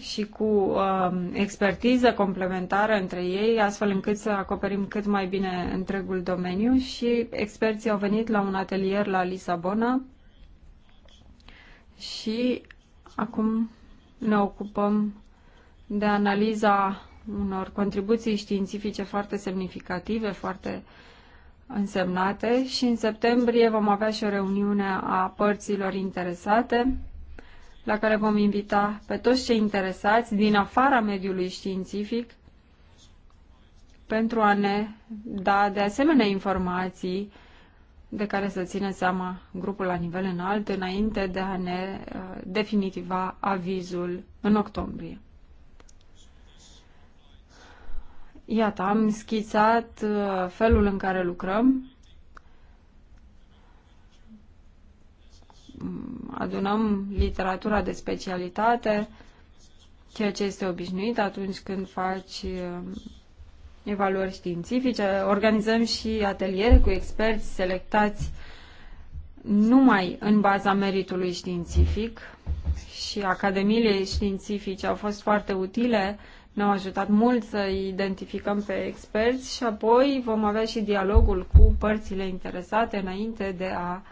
și cu uh, expertiză complementară între ei, astfel încât să acoperim cât mai bine întregul domeniu și experții au venit la un atelier la Lisabona și acum ne ocupăm de analiza unor contribuții științifice foarte semnificative, foarte însemnate și în septembrie vom avea și o reuniune a părților interesate la care vom invita pe toți cei interesați din afara mediului științific pentru a ne da de asemenea informații de care să țină seama grupul la nivel înalt înainte de a ne uh, definitiva avizul în octombrie. Iată, am schițat uh, felul în care lucrăm. Mm, adunăm literatura de specialitate, ceea ce este obișnuit atunci când faci uh, evaluări științifice. Organizăm și ateliere cu experți selectați numai în baza meritului științific și academiile științifice au fost foarte utile ne-au ajutat mult să identificăm pe experți și apoi vom avea și dialogul cu părțile interesate înainte de a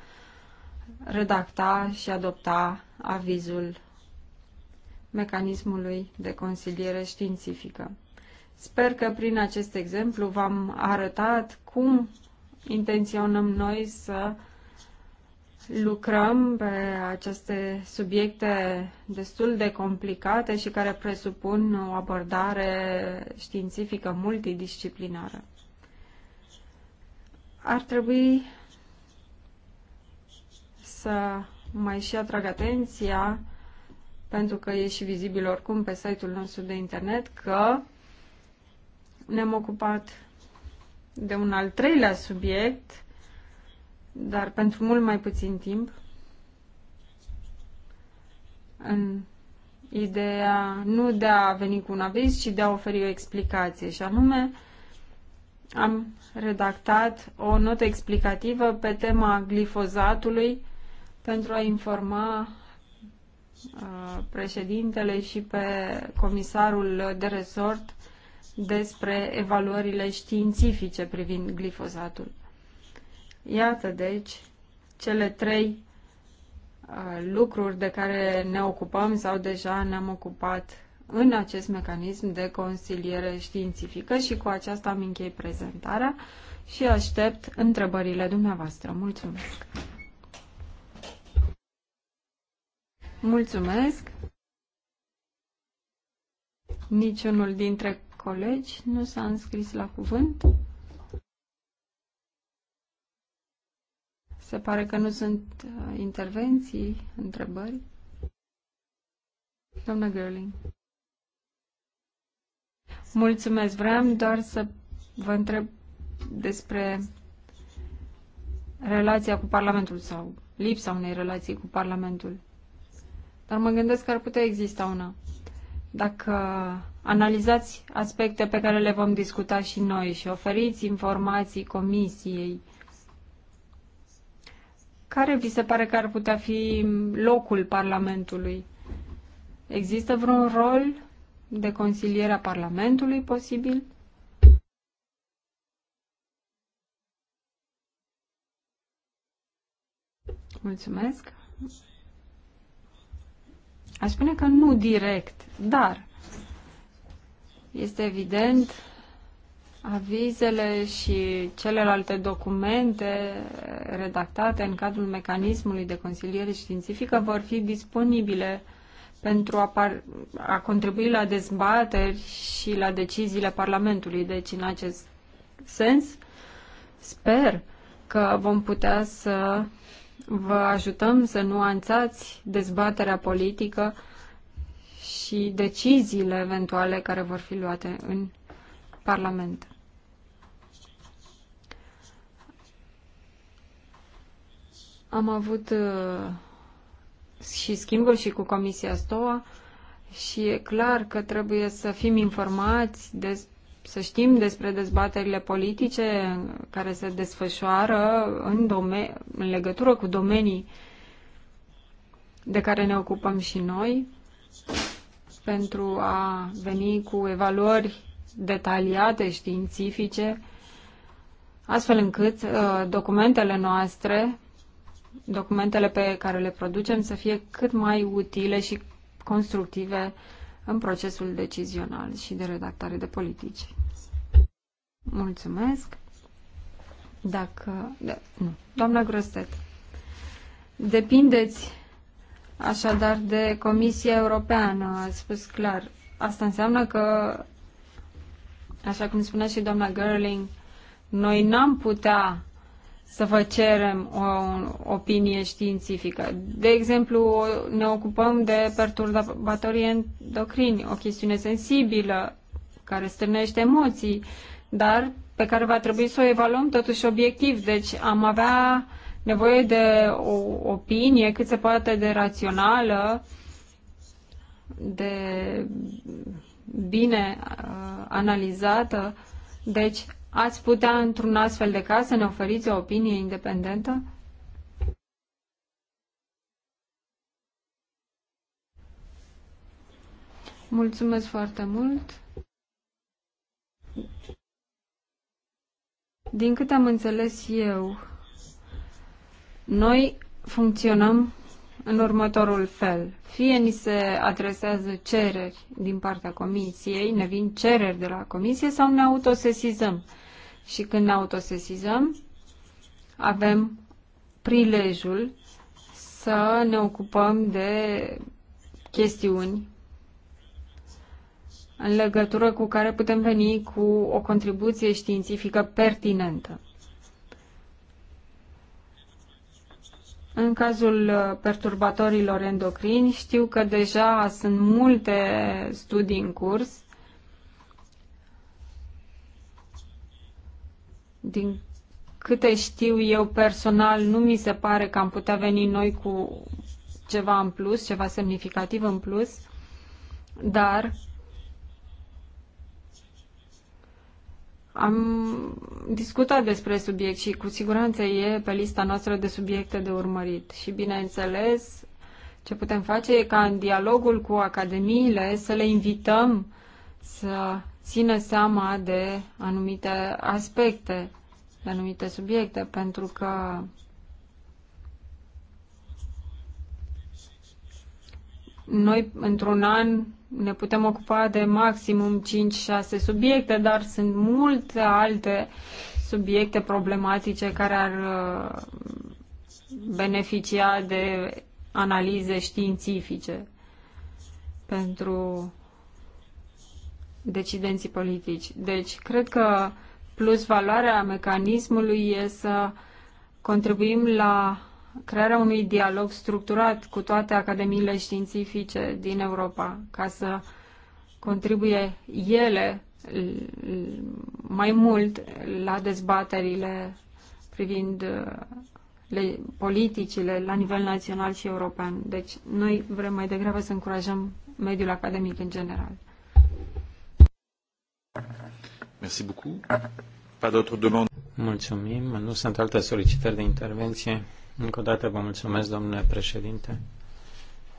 redacta și adopta avizul mecanismului de consiliere științifică. Sper că prin acest exemplu v-am arătat cum intenționăm noi să lucrăm pe aceste subiecte destul de complicate și care presupun o abordare științifică multidisciplinară. Ar trebui să mai și atrag atenția, pentru că e și vizibil oricum pe site-ul nostru de internet, că ne-am ocupat de un al treilea subiect dar pentru mult mai puțin timp, în ideea nu de a veni cu un aviz, ci de a oferi o explicație. Și anume, am redactat o notă explicativă pe tema glifozatului pentru a informa uh, președintele și pe comisarul de resort despre evaluările științifice privind glifozatul. Iată, deci, cele trei uh, lucruri de care ne ocupăm sau deja ne-am ocupat în acest mecanism de consiliere științifică și cu aceasta am închei prezentarea și aștept întrebările dumneavoastră. Mulțumesc! Mulțumesc! Niciunul dintre colegi nu s-a înscris la cuvânt. Se pare că nu sunt uh, intervenții, întrebări. Doamna Gerling. Mulțumesc. Vreau doar să vă întreb despre relația cu Parlamentul sau lipsa unei relații cu Parlamentul. Dar mă gândesc că ar putea exista una. Dacă analizați aspecte pe care le vom discuta și noi și oferiți informații comisiei, care vi se pare că ar putea fi locul Parlamentului? Există vreun rol de consiliere a Parlamentului posibil? Mulțumesc. Aș spune că nu direct, dar este evident Avizele și celelalte documente redactate în cadrul mecanismului de consiliere științifică vor fi disponibile pentru a, par- a contribui la dezbateri și la deciziile Parlamentului. Deci, în acest sens, sper că vom putea să vă ajutăm să nuanțați dezbaterea politică și deciziile eventuale care vor fi luate în Parlament. Am avut uh, și schimbul și cu Comisia STOA și e clar că trebuie să fim informați, de, să știm despre dezbaterile politice care se desfășoară în, dome- în legătură cu domenii de care ne ocupăm și noi pentru a veni cu evaluări detaliate, științifice, astfel încât uh, documentele noastre documentele pe care le producem să fie cât mai utile și constructive în procesul decizional și de redactare de politici. Mulțumesc. Dacă... De, da, nu. Doamna Grostet, depindeți așadar de Comisia Europeană, a spus clar. Asta înseamnă că, așa cum spunea și doamna Gerling, noi n-am putea să vă cerem o, opinie științifică. De exemplu, ne ocupăm de perturbatorii endocrini, o chestiune sensibilă care strânește emoții, dar pe care va trebui să o evaluăm totuși obiectiv. Deci am avea nevoie de o opinie cât se poate de rațională, de bine uh, analizată. Deci Ați putea, într-un astfel de caz, să ne oferiți o opinie independentă? Mulțumesc foarte mult. Din câte am înțeles eu, noi funcționăm în următorul fel. Fie ni se adresează cereri din partea comisiei, ne vin cereri de la comisie sau ne autosesizăm. Și când ne autosesizăm, avem prilejul să ne ocupăm de chestiuni în legătură cu care putem veni cu o contribuție științifică pertinentă. În cazul uh, perturbatorilor endocrini știu că deja sunt multe studii în curs. Din câte știu eu personal, nu mi se pare că am putea veni noi cu ceva în plus, ceva semnificativ în plus, dar Am discutat despre subiect și cu siguranță e pe lista noastră de subiecte de urmărit. Și bineînțeles, ce putem face e ca în dialogul cu academiile să le invităm să țină seama de anumite aspecte, de anumite subiecte, pentru că noi într-un an ne putem ocupa de maximum 5-6 subiecte, dar sunt multe alte subiecte problematice care ar uh, beneficia de analize științifice pentru decidenții politici. Deci, cred că plus valoarea mecanismului e să contribuim la crearea unui dialog structurat cu toate academiile științifice din Europa, ca să contribuie ele mai mult la dezbaterile privind uh, le, politicile la nivel național și european. Deci noi vrem mai degrabă să încurajăm mediul academic în general. Merci beaucoup. Pas d'autres demandes. Mulțumim. Nu sunt alte solicitări de intervenție. Încă o dată vă mulțumesc, domnule președinte,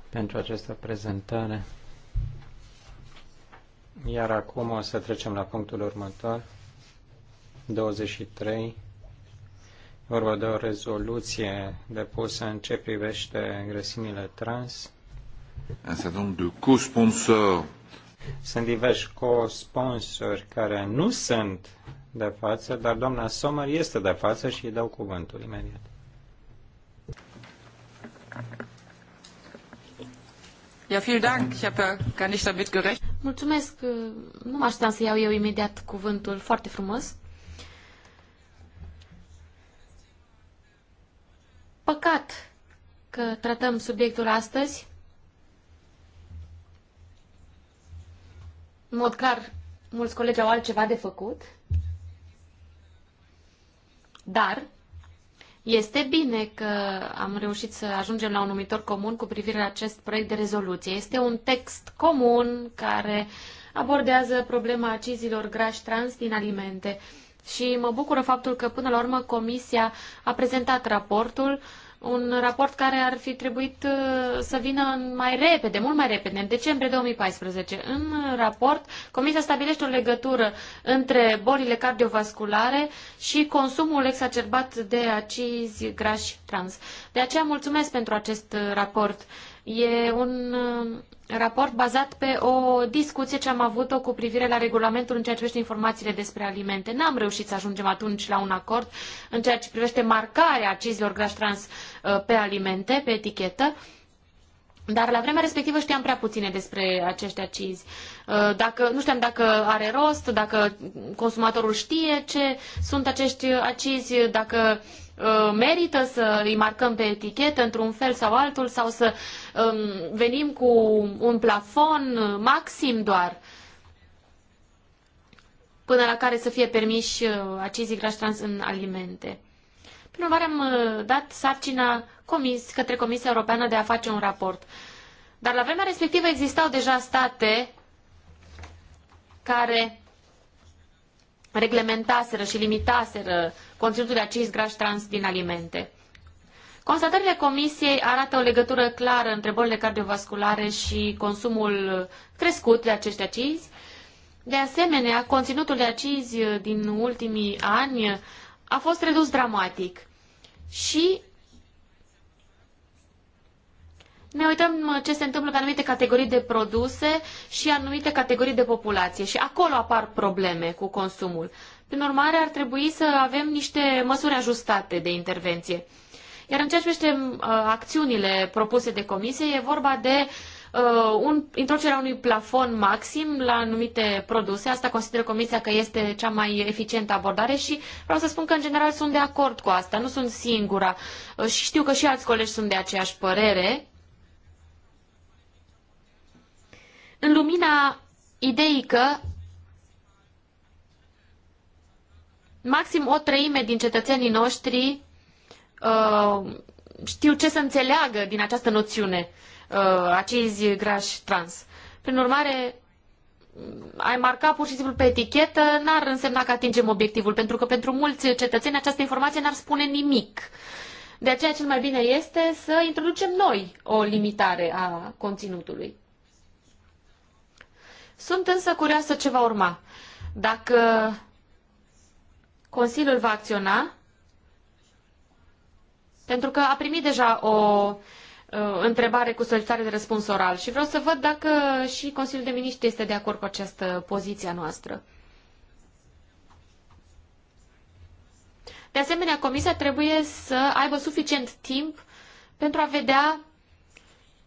pentru această prezentare. Iar acum o să trecem la punctul următor, 23. Vorba de o rezoluție depusă în ce privește grăsimile trans. Un certain nombre de co-sponsors. Sunt diversi co-sponsori care nu sunt de față, dar doamna Sommer este de față și îi dau cuvântul imediat. Ja, vielen Dank. Ich habe ja gar nicht damit gerechnet. Mulțumesc. Nu mă așteptam să iau eu imediat cuvântul. Foarte frumos. Păcat că tratăm subiectul astăzi. În mod clar, mulți colegi au altceva de făcut. Dar este bine că am reușit să ajungem la un numitor comun cu privire la acest proiect de rezoluție. Este un text comun care abordează problema acizilor grași trans din alimente. Și mă bucură faptul că până la urmă Comisia a prezentat raportul uh, un raport care ar fi trebuit uh, să vină mai repede, mult mai repede, în decembrie 2014. În raport, Comisia stabilește o legătură între bolile cardiovasculare și consumul exacerbat de acizi grași trans. De aceea mulțumesc pentru acest raport. E un uh, raport bazat pe o discuție ce am avut-o cu privire la regulamentul în ceea ce privește informațiile despre alimente. N-am reușit să ajungem atunci la un acord în ceea ce privește marcarea acizilor grași trans uh, pe alimente, pe etichetă, dar la vremea respectivă știam prea puține despre acești acizi. Uh, dacă, nu știam dacă are rost, dacă consumatorul știe ce sunt acești acizi, dacă uh, Uh, merită să îi marcăm pe etichetă într-un fel sau altul sau să um, venim cu un plafon maxim doar până la care să fie permiși uh, acizi grași trans în alimente. Prin urmare, am uh, dat sarcina comis, către Comisia Europeană de a face un raport. Dar la vremea respectivă existau deja state care reglementaseră și limitaseră uh, conținutul de acești grași trans din alimente. Constatările comisiei arată o legătură clară între bolile cardiovasculare și consumul crescut de acești acizi. De asemenea, conținutul de acizi din ultimii ani a fost redus dramatic și ne uităm ce se întâmplă pe anumite categorii de produse și anumite categorii de populație și acolo apar probleme cu consumul. Prin urmare, ar trebui să avem niște măsuri ajustate de intervenție. Iar în ceea ce privește uh, acțiunile propuse de comisie, e vorba de uh, un, introducerea unui plafon maxim la anumite produse. Asta consideră Comisia că este cea mai eficientă abordare și vreau să spun că, în general, sunt de acord cu asta. Nu sunt singura uh, și știu că și alți colegi sunt de aceeași părere. În lumina ideii că maxim o treime din cetățenii noștri uh, știu ce să înțeleagă din această noțiune, uh, acizi grași trans. Prin urmare, ai marca pur și simplu pe etichetă n-ar însemna că atingem obiectivul, pentru că pentru mulți cetățeni această informație n-ar spune nimic. De aceea cel mai bine este să introducem noi o limitare a conținutului. Sunt însă curioasă ce va urma. Dacă Consiliul va acționa pentru că a primit deja o uh, întrebare cu solicitare de răspuns oral și vreau să văd dacă și Consiliul de Miniștri este de acord cu această poziție noastră. De asemenea, Comisia trebuie să aibă suficient timp pentru a vedea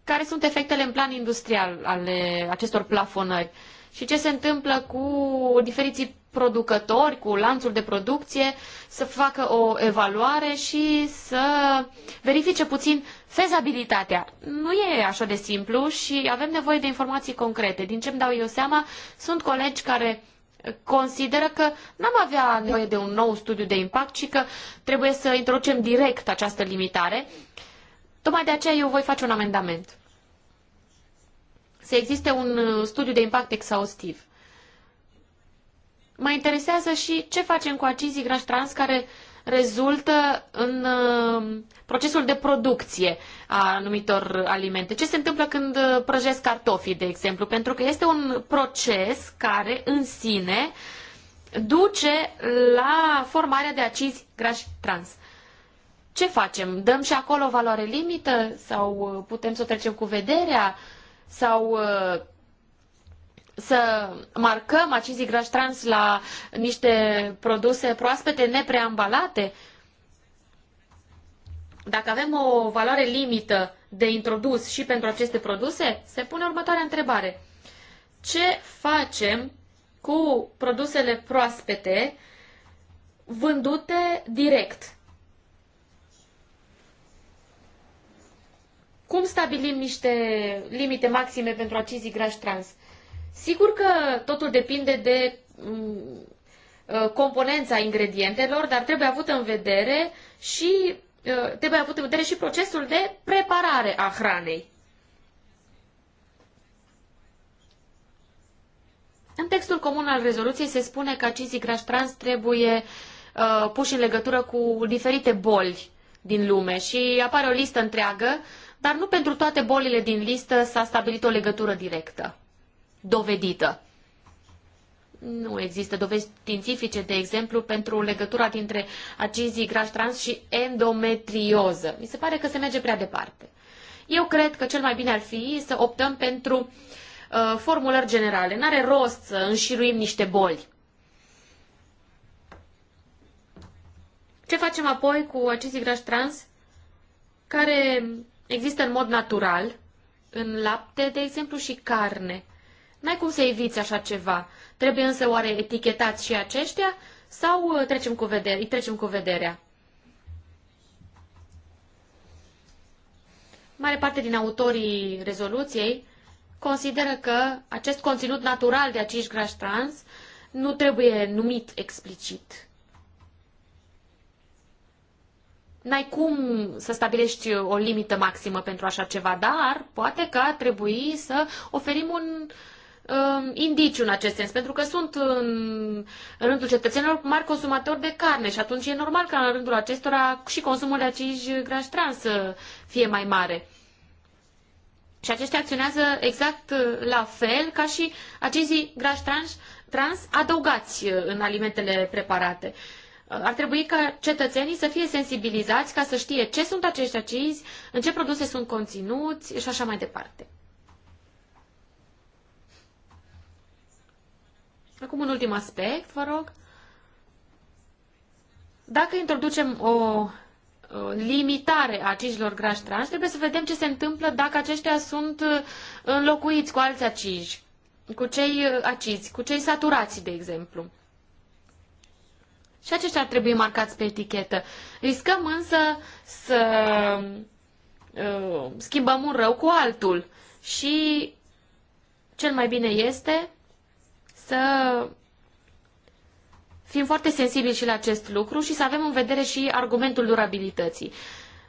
care sunt efectele în plan industrial ale acestor plafonări și ce se întâmplă cu diferiții producători, cu lanțul de producție, să facă o evaluare și să verifice puțin fezabilitatea. Nu e așa de simplu și avem nevoie de informații concrete. Din ce îmi dau eu seama, sunt colegi care consideră că n-am avea nevoie de un nou studiu de impact, ci că trebuie să introducem direct această limitare. Tocmai de aceea eu voi face un amendament. Să existe un studiu de impact exhaustiv. Mă interesează și ce facem cu acizi grași trans care rezultă în uh, procesul de producție a anumitor alimente. Ce se întâmplă când uh, prăjesc cartofii, de exemplu? Pentru că este un proces care în sine duce la formarea de acizi grași trans. Ce facem? Dăm și acolo valoare limită sau uh, putem să o trecem cu vederea? Sau să marcăm acizii grași trans la niște produse proaspete nepreambalate? Dacă avem o valoare limită de introdus și pentru aceste produse, se pune următoarea întrebare. Ce facem cu produsele proaspete vândute direct? Cum stabilim niște limite maxime pentru acizii grași trans? Sigur că totul depinde de mm, uh, componența ingredientelor, dar trebuie avut în vedere și uh, trebuie avut în vedere și procesul de preparare a hranei. În textul comun al rezoluției se spune că acizii grași trans trebuie uh, puși în legătură cu diferite boli din lume și apare o listă întreagă, dar nu pentru toate bolile din listă s-a stabilit o legătură directă dovedită. Nu există dovezi științifice, de exemplu, pentru legătura dintre acizii grași trans și endometrioză. Mi se pare că se merge prea departe. Eu cred că cel mai bine ar fi să optăm pentru uh, formulări generale. N-are rost să înșiruim niște boli. Ce facem apoi cu acizii grași trans care există în mod natural în lapte, de exemplu, și carne? N-ai cum să eviți așa ceva. Trebuie însă oare etichetați și aceștia sau uh, trecem cu vedere, îi trecem cu vederea? Mare parte din autorii rezoluției consideră că acest conținut natural de acești grași trans nu trebuie numit explicit. N-ai cum să stabilești o limită maximă pentru așa ceva, dar poate că ar trebui să oferim un uh, Um, indiciu în acest sens, pentru că sunt în, în rândul cetățenilor mari consumatori de carne și atunci e normal ca în rândul acestora și consumul de acești grași trans să fie mai mare. Și aceștia acționează exact uh, la fel ca și acești grași trans, trans adăugați uh, în alimentele preparate. Uh, ar trebui ca cetățenii să fie sensibilizați ca să știe ce sunt acești acizi, în ce produse sunt conținuți și așa mai departe. Acum un ultim aspect, vă rog. Dacă introducem o limitare a acijilor grași trans, trebuie să vedem ce se întâmplă dacă aceștia sunt uh, înlocuiți cu alți aciji, cu cei uh, acizi, cu cei saturați, de exemplu. Și aceștia ar trebui marcați pe etichetă. Riscăm însă să uh, schimbăm un rău cu altul. Și cel mai bine este să fim foarte sensibili și la acest lucru și să avem în vedere și argumentul durabilității.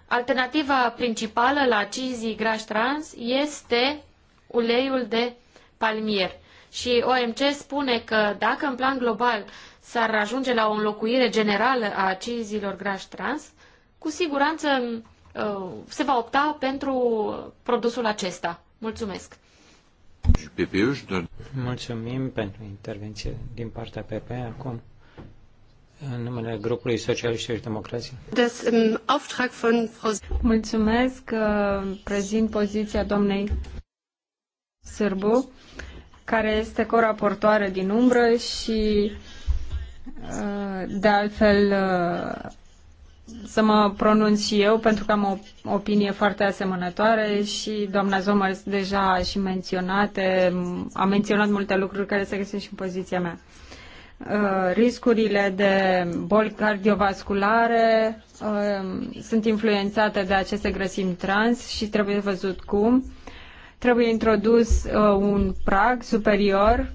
Alternativa principală la cizii grași trans este uleiul de palmier. Și OMC spune că dacă în plan global s-ar ajunge la o înlocuire generală a cizilor grași trans, cu siguranță uh, se va opta pentru produsul acesta. Mulțumesc! Mulțumim pentru intervenție din partea PP acum în numele grupului Socialiști și Democrații. Ähm, Mulțumesc că uh, prezint poziția doamnei Sârbu, care este coraportoare din umbră și uh, de altfel uh, să mă pronunț și eu pentru că am o opinie foarte asemănătoare și doamna Zomăr deja a și menționate, a menționat multe lucruri care se găsesc și în poziția mea. Uh, riscurile de boli cardiovasculare uh, sunt influențate de aceste grăsimi trans și trebuie văzut cum. Trebuie introdus uh, un prag superior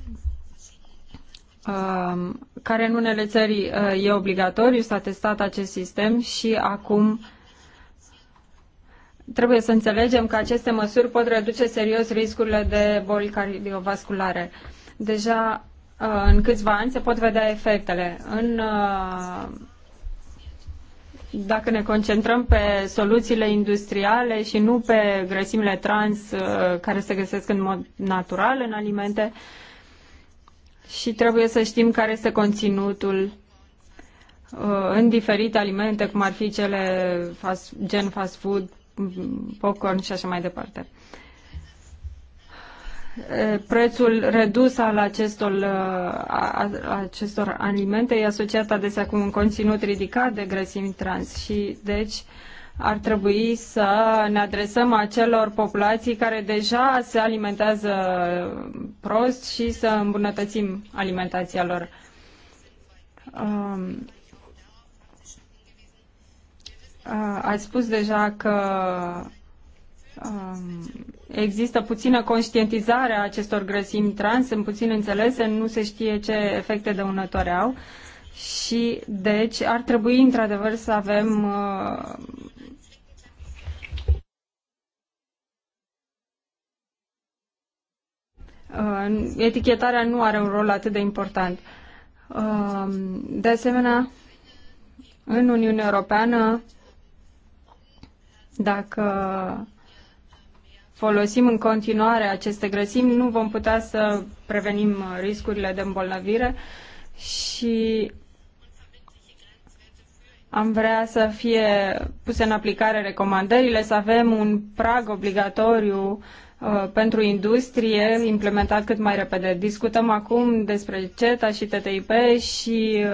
care în unele țări uh, e obligatoriu, s-a testat acest sistem și acum trebuie să înțelegem că aceste măsuri pot reduce serios riscurile de boli cardiovasculare. Deja uh, în câțiva ani se pot vedea efectele. În, uh, dacă ne concentrăm pe soluțiile industriale și nu pe grăsimile trans care se găsesc în mod natural în alimente, uh, și trebuie să știm care este conținutul uh, în diferite alimente, cum ar fi cele fast, gen fast food, popcorn și așa mai departe. Uh, prețul redus al acestor, uh, a, acestor alimente e asociat adesea cu un conținut ridicat de grăsimi trans și deci uh, ar trebui să ne adresăm acelor populații care deja se alimentează prost și să îmbunătățim alimentația lor. Um, uh, ați spus deja că um, există puțină conștientizare a acestor grăsimi trans, sunt puțin înțelese, nu se știe ce efecte dăunătoare au. Și, deci, ar trebui, într-adevăr, să avem uh, Uh, etichetarea nu are un rol atât de important. Uh, de asemenea, în Uniunea Europeană, dacă folosim în continuare aceste grăsimi, nu vom putea să prevenim riscurile de îmbolnăvire și am vrea să fie puse în aplicare recomandările, să avem un prag obligatoriu uh, Uh, pentru industrie implementat cât mai repede. Discutăm acum despre CETA și TTIP și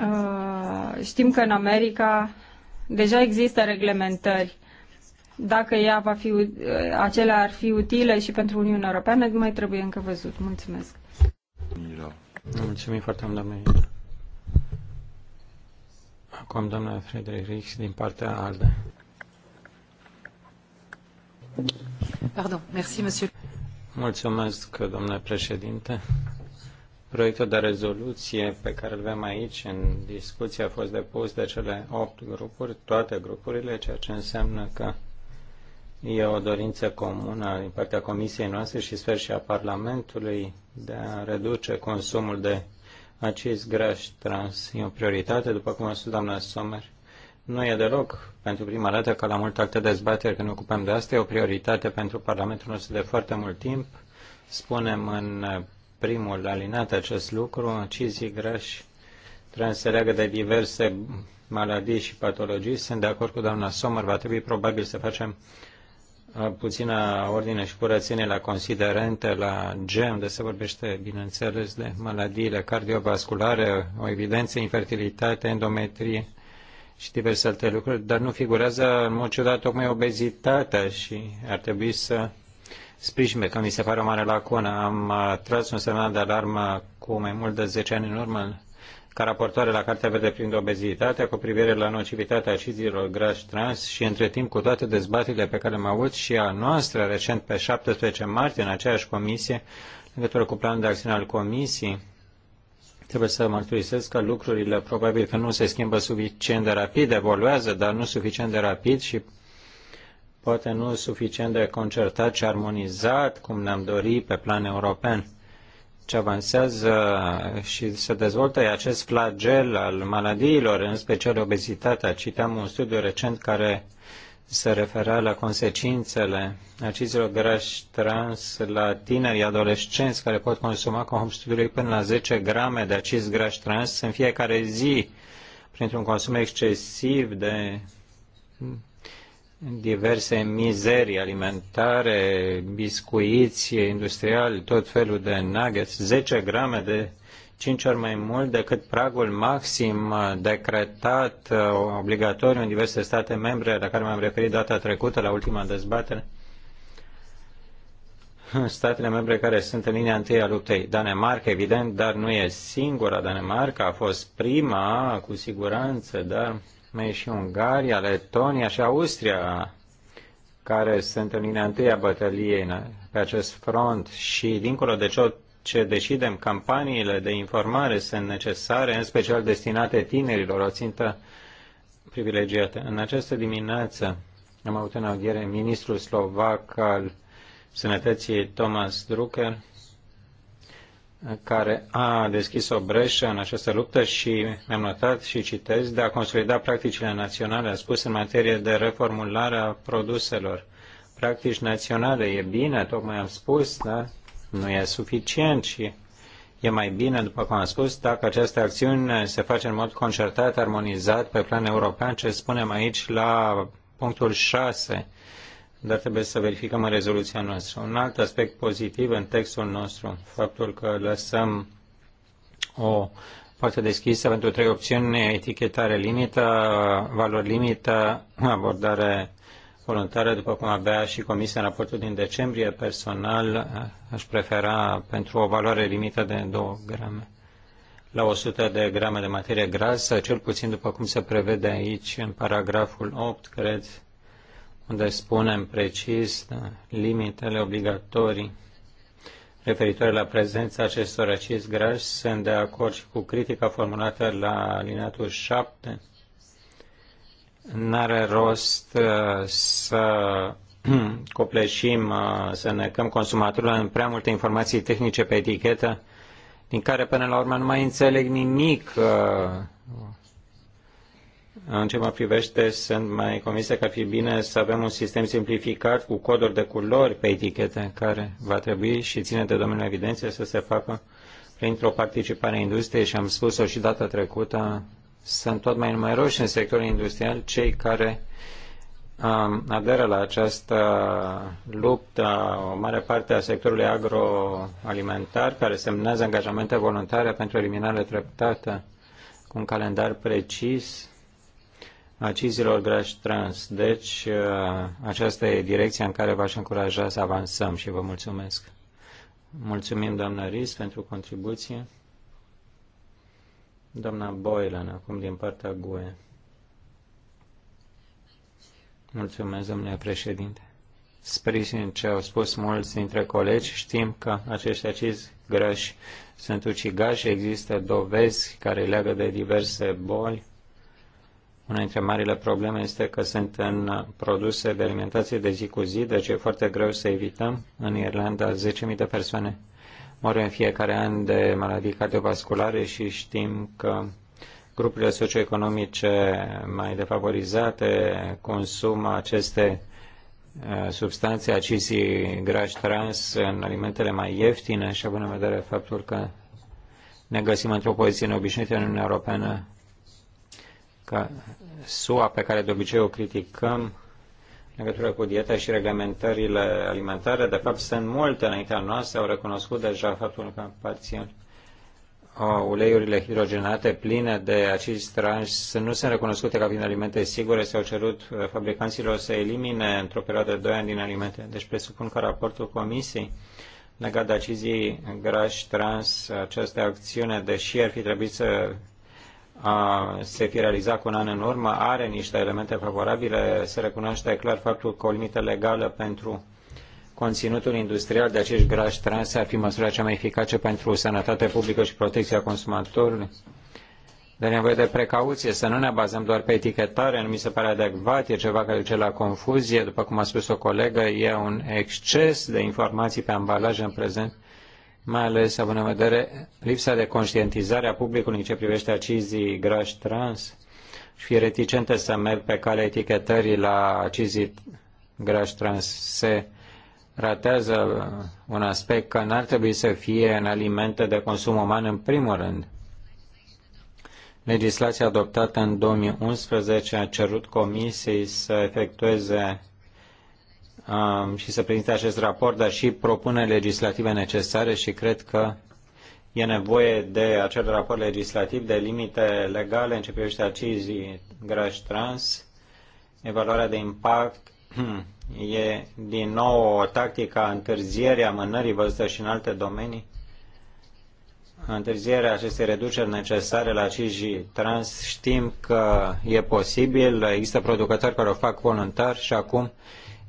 uh, știm că în America deja există reglementări. Dacă ea va fi, uh, acelea ar fi utile și pentru Uniunea Europeană, mai trebuie încă văzut. Mulțumesc. Mulțumim foarte mult, doamne. Acum doamna Frederic Rix din partea ALDE. Mulțumesc, președinte. Proiectul de rezoluție pe care îl avem aici în discuție a fost depus de cele opt grupuri, toate grupurile, ceea ce înseamnă că e o dorință comună din partea Comisiei noastre și sper și a Parlamentului de a reduce consumul de acest graș trans. E o prioritate, după cum a spus doamna Sommer, nu e deloc pentru prima dată ca la multe alte dezbateri când ne ocupăm de asta, e o prioritate pentru Parlamentul nostru de foarte mult timp. Spunem în primul alinat acest lucru, cizii grași trebuie să leagă de diverse maladii și patologii. Sunt de acord cu doamna Sommer, va trebui probabil să facem uh, puțină ordine și curățenie la considerente, la gem, de se vorbește, bineînțeles, de maladiile cardiovasculare, o evidență, infertilitate, endometrie, și diverse alte lucruri, dar nu figurează în mod ciudat tocmai obezitatea și ar trebui să sprijine, că mi se pare o mare lacună. Am tras un semnal de alarmă cu mai mult de 10 ani în urmă ca raportoare la Cartea Verde privind obezitatea cu privire la nocivitatea acizilor grași trans și între timp cu toate dezbaterile pe care le-am avut și a noastră recent pe 17 martie în aceeași comisie în legătură cu planul de acțiune al comisiei Trebuie să mărturisesc că lucrurile probabil că nu se schimbă suficient de rapid, evoluează, dar nu suficient de rapid și poate nu suficient de concertat și armonizat cum ne-am dorit pe plan european. Ce avansează și se dezvoltă e acest flagel al maladiilor, în special obezitatea. Citeam un studiu recent care se referea la consecințele acizilor grași trans la tinerii adolescenți care pot consuma combustibilului până la 10 grame de aciz grași trans în fiecare zi printr-un consum excesiv de diverse mizerii alimentare, biscuiți industriali, tot felul de nuggets, 10 grame de cinci ori mai mult decât pragul maxim decretat uh, obligatoriu în diverse state membre, la care m-am referit data trecută, la ultima dezbatere, statele membre care sunt în linia întâi a luptei. Danemarca, evident, dar nu e singura. Danemarca a fost prima, cu siguranță, dar mai e și Ungaria, Letonia și Austria care sunt în linia întâi a bătăliei pe acest front și dincolo de tot ce decidem, campaniile de informare sunt necesare, în special destinate tinerilor, o țintă privilegiată. În această dimineață am avut în audiere ministrul slovac al sănătății Thomas Drucker, care a deschis o breșă în această luptă și mi-am notat și citez de a consolida practicile naționale, a spus în materie de reformulare a produselor. Practici naționale e bine, tocmai am spus, da? nu e suficient și e mai bine, după cum am spus, dacă această acțiune se face în mod concertat, armonizat pe plan european, ce spunem aici la punctul 6, dar trebuie să verificăm în rezoluția noastră. Un alt aspect pozitiv în textul nostru, faptul că lăsăm o poartă deschisă pentru trei opțiuni, etichetare limită, valori limită, abordare voluntară, după cum avea și Comisia în raportul din decembrie, personal eh, aș prefera pentru o valoare limită de 2 grame la 100 de grame de materie grasă, cel puțin după cum se prevede aici în paragraful 8, cred, unde spunem precis da, limitele obligatorii referitoare la prezența acestor acizi grași, sunt de acord și cu critica formulată la alineatul 7, N-are rost uh, să copleșim, uh, să necăm consumatorul în prea multe informații tehnice pe etichetă, din care până la urmă nu mai înțeleg nimic. Uh, în ce mă privește, sunt mai convinsă că ar fi bine să avem un sistem simplificat cu coduri de culori pe etichete, care va trebui și ține de domeniul evidenței să se facă printr-o participare a industriei și am spus-o și data trecută sunt tot mai numeroși în sectorul industrial cei care um, aderă la această luptă, o mare parte a sectorului agroalimentar care semnează angajamente voluntare pentru eliminare treptată cu un calendar precis acizilor grași trans. Deci, uh, aceasta e direcția în care v-aș încuraja să avansăm și vă mulțumesc. Mulțumim, doamnă Ris, pentru contribuție. Doamna Boylan, acum din partea GUE. Mulțumesc, domnule președinte. Sprijin ce au spus mulți dintre colegi, știm că acești acizi grăși sunt ucigași, există dovezi care leagă de diverse boli. Una dintre marile probleme este că sunt în produse de alimentație de zi cu zi, deci e foarte greu să evităm. În Irlanda, 10.000 de persoane moare în fiecare an de maladii cardiovasculare și știm că grupurile socioeconomice mai defavorizate consumă aceste uh, substanțe, acizii grași trans în alimentele mai ieftine și având în vedere faptul că ne găsim într-o poziție neobișnuită în Uniunea Europeană, că SUA pe care de obicei o criticăm în legătură cu dieta și reglementările alimentare. De fapt, sunt multe înaintea noastră, au recunoscut deja faptul că aparțin uleiurile hidrogenate pline de acizi trans nu sunt recunoscute ca fiind alimente sigure. S-au cerut uh, fabricanților să elimine într-o perioadă de 2 ani din alimente. Deci presupun că raportul comisiei legat de acizii grași trans, această acțiune, deși ar fi trebuit să a se fi realizat cu un an în urmă, are niște elemente favorabile. Se recunoaște clar faptul că o limită legală pentru conținutul industrial de acești grași trans ar fi măsura cea mai eficace pentru sănătatea publică și protecția consumatorului. dar nevoie de precauție, să nu ne bazăm doar pe etichetare, nu mi se pare adecvat, e ceva care duce la confuzie, după cum a spus o colegă, e un exces de informații pe ambalaje în prezent mai ales având în vedere lipsa de conștientizare a publicului în ce privește acizii grași trans și fi reticente să merg pe calea etichetării la acizii grași trans. Se ratează un aspect că n-ar trebui să fie în alimente de consum uman în primul rând. Legislația adoptată în 2011 a cerut comisiei să efectueze și să prezinte acest raport, dar și propuneri legislative necesare și cred că e nevoie de acel raport legislativ, de limite legale în ce privește acizii grași trans. Evaluarea de impact e din nou o tactică a întârzierii, amânării văzută și în alte domenii. Întârzierea acestei reduceri necesare la acizii trans știm că e posibil, există producători care o fac voluntar și acum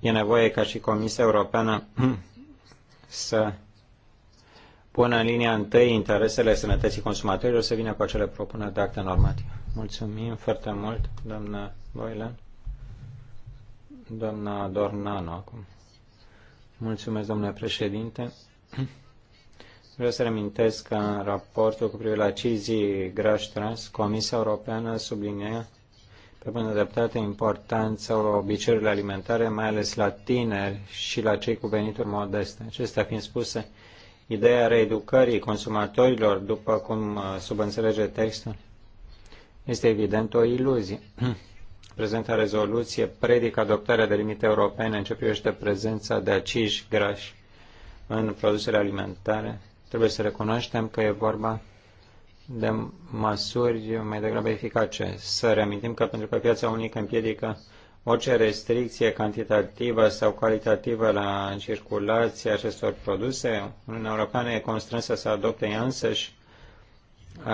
E nevoie ca și Comisia Europeană să pună în linia întâi interesele sănătății consumatorilor să vină cu acele propuneri de acte normative. Mulțumim foarte mult, doamnă Boylan. Doamna Dornano acum. Mulțumesc, domnule președinte. Vreau să reamintesc că în raportul cu privire la cizii grași trans, Comisia Europeană sublinia pe bună dreptate importanța obiceiurilor alimentare, mai ales la tineri și la cei cu venituri modeste. Acestea fiind spuse, ideea reeducării consumatorilor, după cum uh, subînțelege textul, este evident o iluzie. Prezenta rezoluție predică adoptarea de limite europene în ce privește prezența de aciși grași în produsele alimentare. Trebuie să recunoaștem că e vorba de măsuri mai degrabă eficace. Să reamintim că pentru că piața unică împiedică orice restricție cantitativă sau calitativă la circulația acestor produse, Uniunea Europeană e constrânsă să adopte ea însăși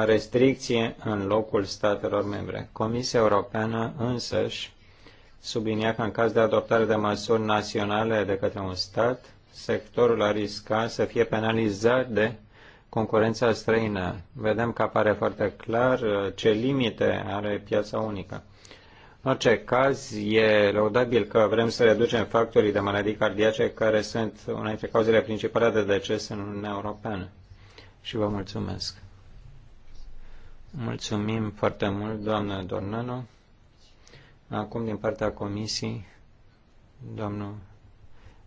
restricție în locul statelor membre. Comisia Europeană însăși sublinia că în caz de adoptare de măsuri naționale de către un stat, sectorul a risca să fie penalizat de concurența străină. Vedem că apare foarte clar uh, ce limite are piața unică. În orice caz, e laudabil că vrem să reducem factorii de maladii cardiace care sunt una dintre cauzele principale de deces în Uniunea Europeană. Și vă mulțumesc. Mulțumim foarte mult, doamnă Dornano. Acum, din partea Comisiei, doamnă,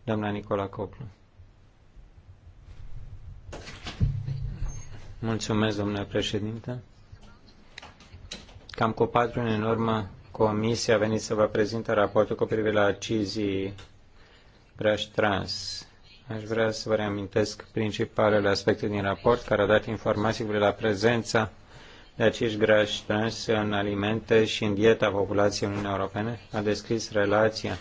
doamna Nicola Coplu. Mulțumesc, domnule președinte. Cam cu patru în urmă, Comisia a venit să vă prezinte raportul cu privire la acizii graș trans. Aș vrea să vă reamintesc principalele aspecte din raport care a dat informații cu la prezența de acești grași trans în alimente și în dieta populației Uniunii Europene. A descris relația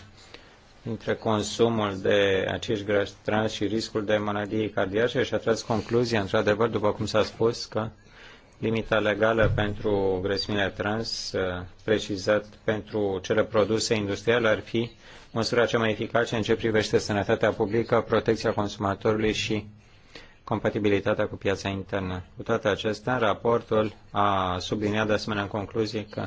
între consumul de acești grăși trans și riscul de maladie cardiace și a tras concluzia, într-adevăr, după cum s-a spus, că limita legală pentru grăsimile trans, uh, precizat pentru cele produse industriale, ar fi măsura cea mai eficace în ce privește sănătatea publică, protecția consumatorului și compatibilitatea cu piața internă. Cu toate acestea, raportul a subliniat de asemenea în concluzie că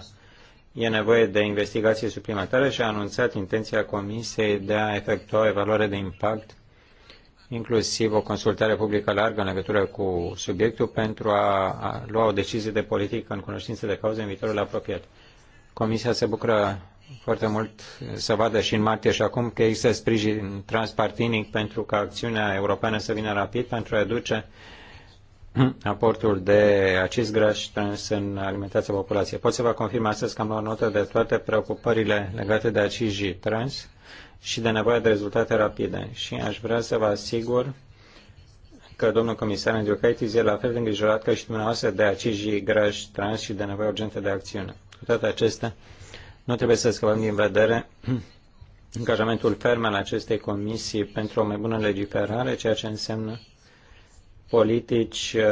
e nevoie de investigație suplimentară și a anunțat intenția Comisiei de a efectua o evaluare de impact, inclusiv o consultare publică largă în legătură cu subiectul, pentru a lua o decizie de politică în cunoștință de cauze în viitorul apropiat. Comisia se bucură foarte mult să vadă și în martie și acum că există sprijin transpartinic pentru ca acțiunea europeană să vină rapid pentru a reduce aportul de acest graș trans în alimentația populației. Pot să vă confirm astăzi că am luat notă de toate preocupările legate de acizi trans și de nevoia de rezultate rapide. Și aș vrea să vă asigur că domnul comisar Andriukaitis e la fel de îngrijorat ca și dumneavoastră de acizi grași trans și de nevoie urgentă de acțiune. Cu toate acestea, nu trebuie să scăpăm din vedere angajamentul ferm al acestei comisii pentru o mai bună legiferare, ceea ce înseamnă politici uh,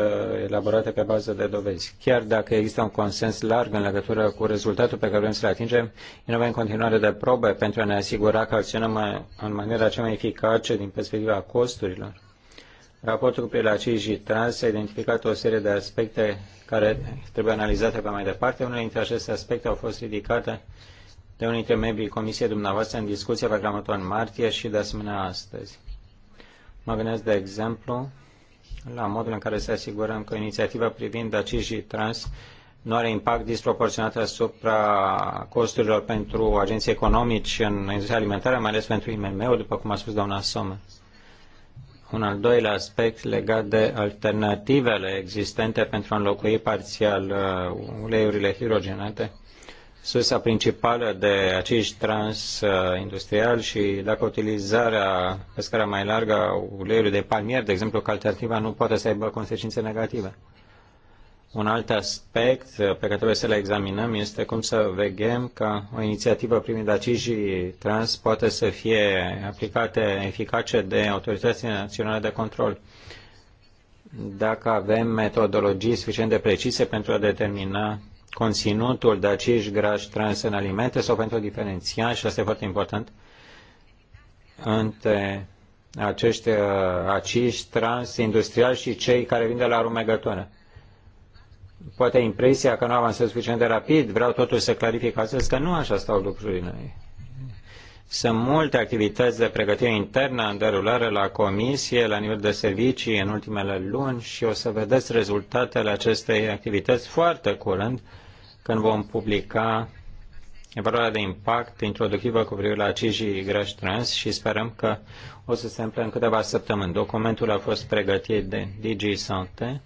elaborate pe bază de dovezi. Chiar dacă există un consens larg în legătură cu rezultatul pe care vrem să-l atingem, e nevoie în continuare de probe pentru a ne asigura că acționăm în maniera cea mai eficace din perspectiva costurilor. Raportul cu privire la cei a identificat o serie de aspecte care trebuie analizate pe mai departe. Unele dintre aceste aspecte au fost ridicate de unii dintre membrii Comisiei dumneavoastră în discuția pe în martie și de asemenea astăzi. Mă gândesc, de exemplu, la modul în care să asigurăm că inițiativa privind acești trans nu are impact disproporționat asupra costurilor pentru agenții economici în industria alimentară, mai ales pentru imm ul după cum a spus doamna Somă. Un al doilea aspect legat de alternativele existente pentru a înlocui parțial uh, uleiurile hidrogenate sursa principală de acești trans industrial și dacă utilizarea pe scara mai largă a uleiului de palmier, de exemplu, ca alternativa, nu poate să aibă consecințe negative. Un alt aspect pe care trebuie să-l examinăm este cum să vegem că o inițiativă privind acești trans poate să fie aplicate eficace de autoritățile naționale de control. Dacă avem metodologii suficient de precise pentru a determina conținutul de acești grași trans în alimente sau pentru a diferenția, și asta e foarte important, între acești uh, aciși trans industriali și cei care vin de la rumegătoare. Poate impresia că nu avansez suficient de rapid, vreau totuși să clarific astăzi că nu așa stau lucrurile. Sunt multe activități de pregătire internă în derulare la comisie, la nivel de servicii în ultimele luni și o să vedeți rezultatele acestei activități foarte curând când vom publica evaluarea de impact introductivă cu privire la CIJI Graș Trans și sperăm că o să se întâmple în câteva săptămâni. Documentul a fost pregătit de DG Sante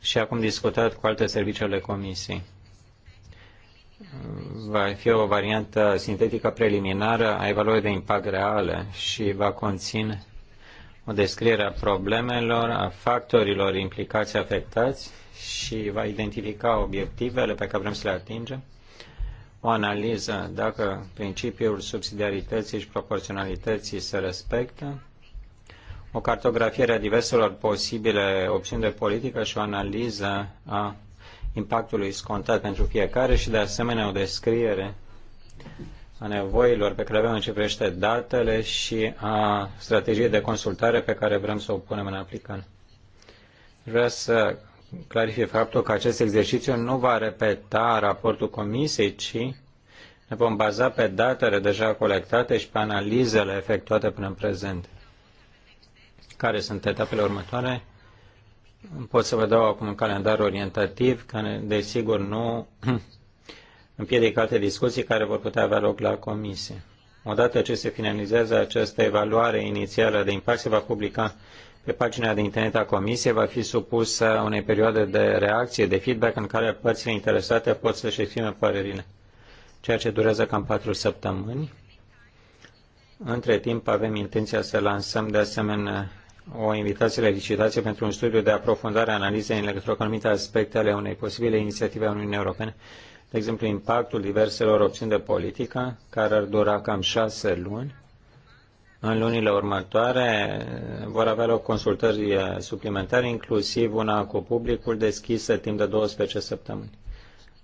și acum discutat cu alte servicii ale comisiei va fi o variantă sintetică preliminară a evaluării de impact reală și va conține o descriere a problemelor, a factorilor implicați afectați și va identifica obiectivele pe care vrem să le atingem, o analiză dacă principiul subsidiarității și proporționalității se respectă, o cartografiere a diverselor posibile opțiuni de politică și o analiză a impactului scontat pentru fiecare și de asemenea o descriere a nevoilor pe care avem în ce privește datele și a strategiei de consultare pe care vrem să o punem în aplicare. Vreau să clarific faptul că acest exercițiu nu va repeta raportul comisiei, ci ne vom baza pe datele deja colectate și pe analizele efectuate până în prezent. Care sunt etapele următoare? Pot să vă dau acum un calendar orientativ, care desigur nu împiedică alte discuții care vor putea avea loc la comisie. Odată ce se finalizează această evaluare inițială de impact, se va publica pe pagina de internet a comisiei, va fi supusă unei perioade de reacție, de feedback, în care părțile interesate pot să-și exprime părerile, ceea ce durează cam patru săptămâni. Între timp avem intenția să lansăm de asemenea o invitație la licitație pentru un studiu de aprofundare a analizei în legătură cu anumite aspecte ale unei posibile inițiative a Uniunii Europene, de exemplu impactul diverselor opțiuni de politică, care ar dura cam șase luni. În lunile următoare eh, vor avea loc consultări eh, suplimentare, inclusiv una cu publicul deschisă timp de 12 săptămâni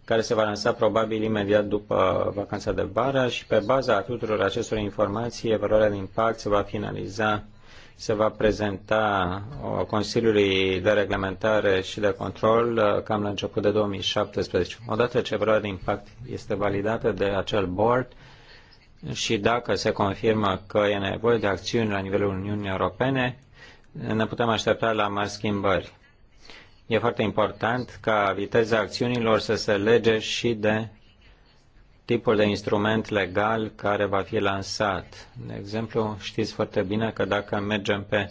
care se va lansa probabil imediat după vacanța de vară și pe baza tuturor acestor informații, evaluarea de impact se va finaliza se va prezenta Consiliului de Reglementare și de Control uh, cam la început de 2017. Odată ce evaluarea de impact este validată de acel board și dacă se confirmă că e nevoie de acțiuni la nivelul Uniunii Europene, ne putem aștepta la mari schimbări. E foarte important ca viteza acțiunilor să se lege și de tipul de instrument legal care va fi lansat. De exemplu, știți foarte bine că dacă mergem pe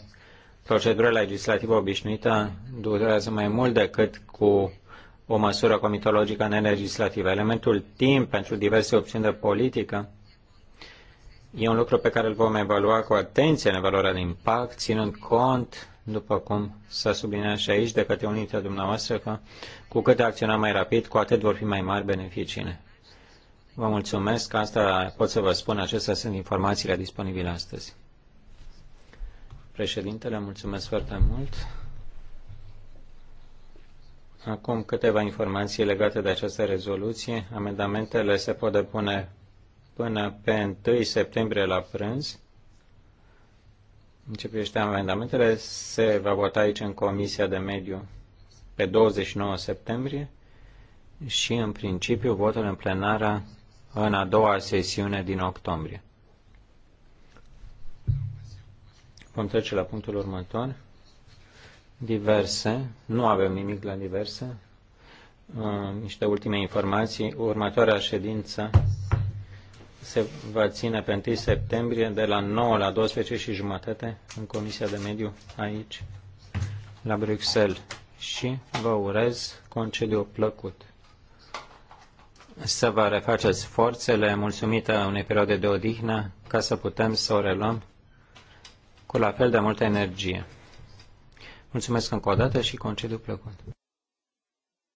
procedură legislativă obișnuită, durează mai mult decât cu o măsură comitologică nelegislativă. Elementul timp pentru diverse opțiuni de politică e un lucru pe care îl vom evalua cu atenție în evaluarea de impact, ținând cont, după cum s-a subliniat și aici de către unii dintre dumneavoastră, că cu cât acționăm mai rapid, cu atât vor fi mai mari beneficiile. Vă mulțumesc, asta pot să vă spun, acestea sunt informațiile disponibile astăzi. Președintele, mulțumesc foarte mult. Acum câteva informații legate de această rezoluție. Amendamentele se pot depune până pe 1 septembrie la prânz. În ce privește amendamentele, se va vota aici în Comisia de Mediu pe 29 septembrie și, în principiu, votul în plenară în a doua sesiune din octombrie. Vom trece la punctul următor. Diverse. Nu avem nimic la diverse. Uh, niște ultime informații. Următoarea ședință se va ține pe 1 septembrie de la 9 la 12 și jumătate în Comisia de Mediu aici, la Bruxelles. Și vă urez concediu plăcut să vă refaceți forțele mulțumită unei perioade de odihnă ca să putem să o reluăm cu la fel de multă energie. Mulțumesc încă o dată și concediu plăcut.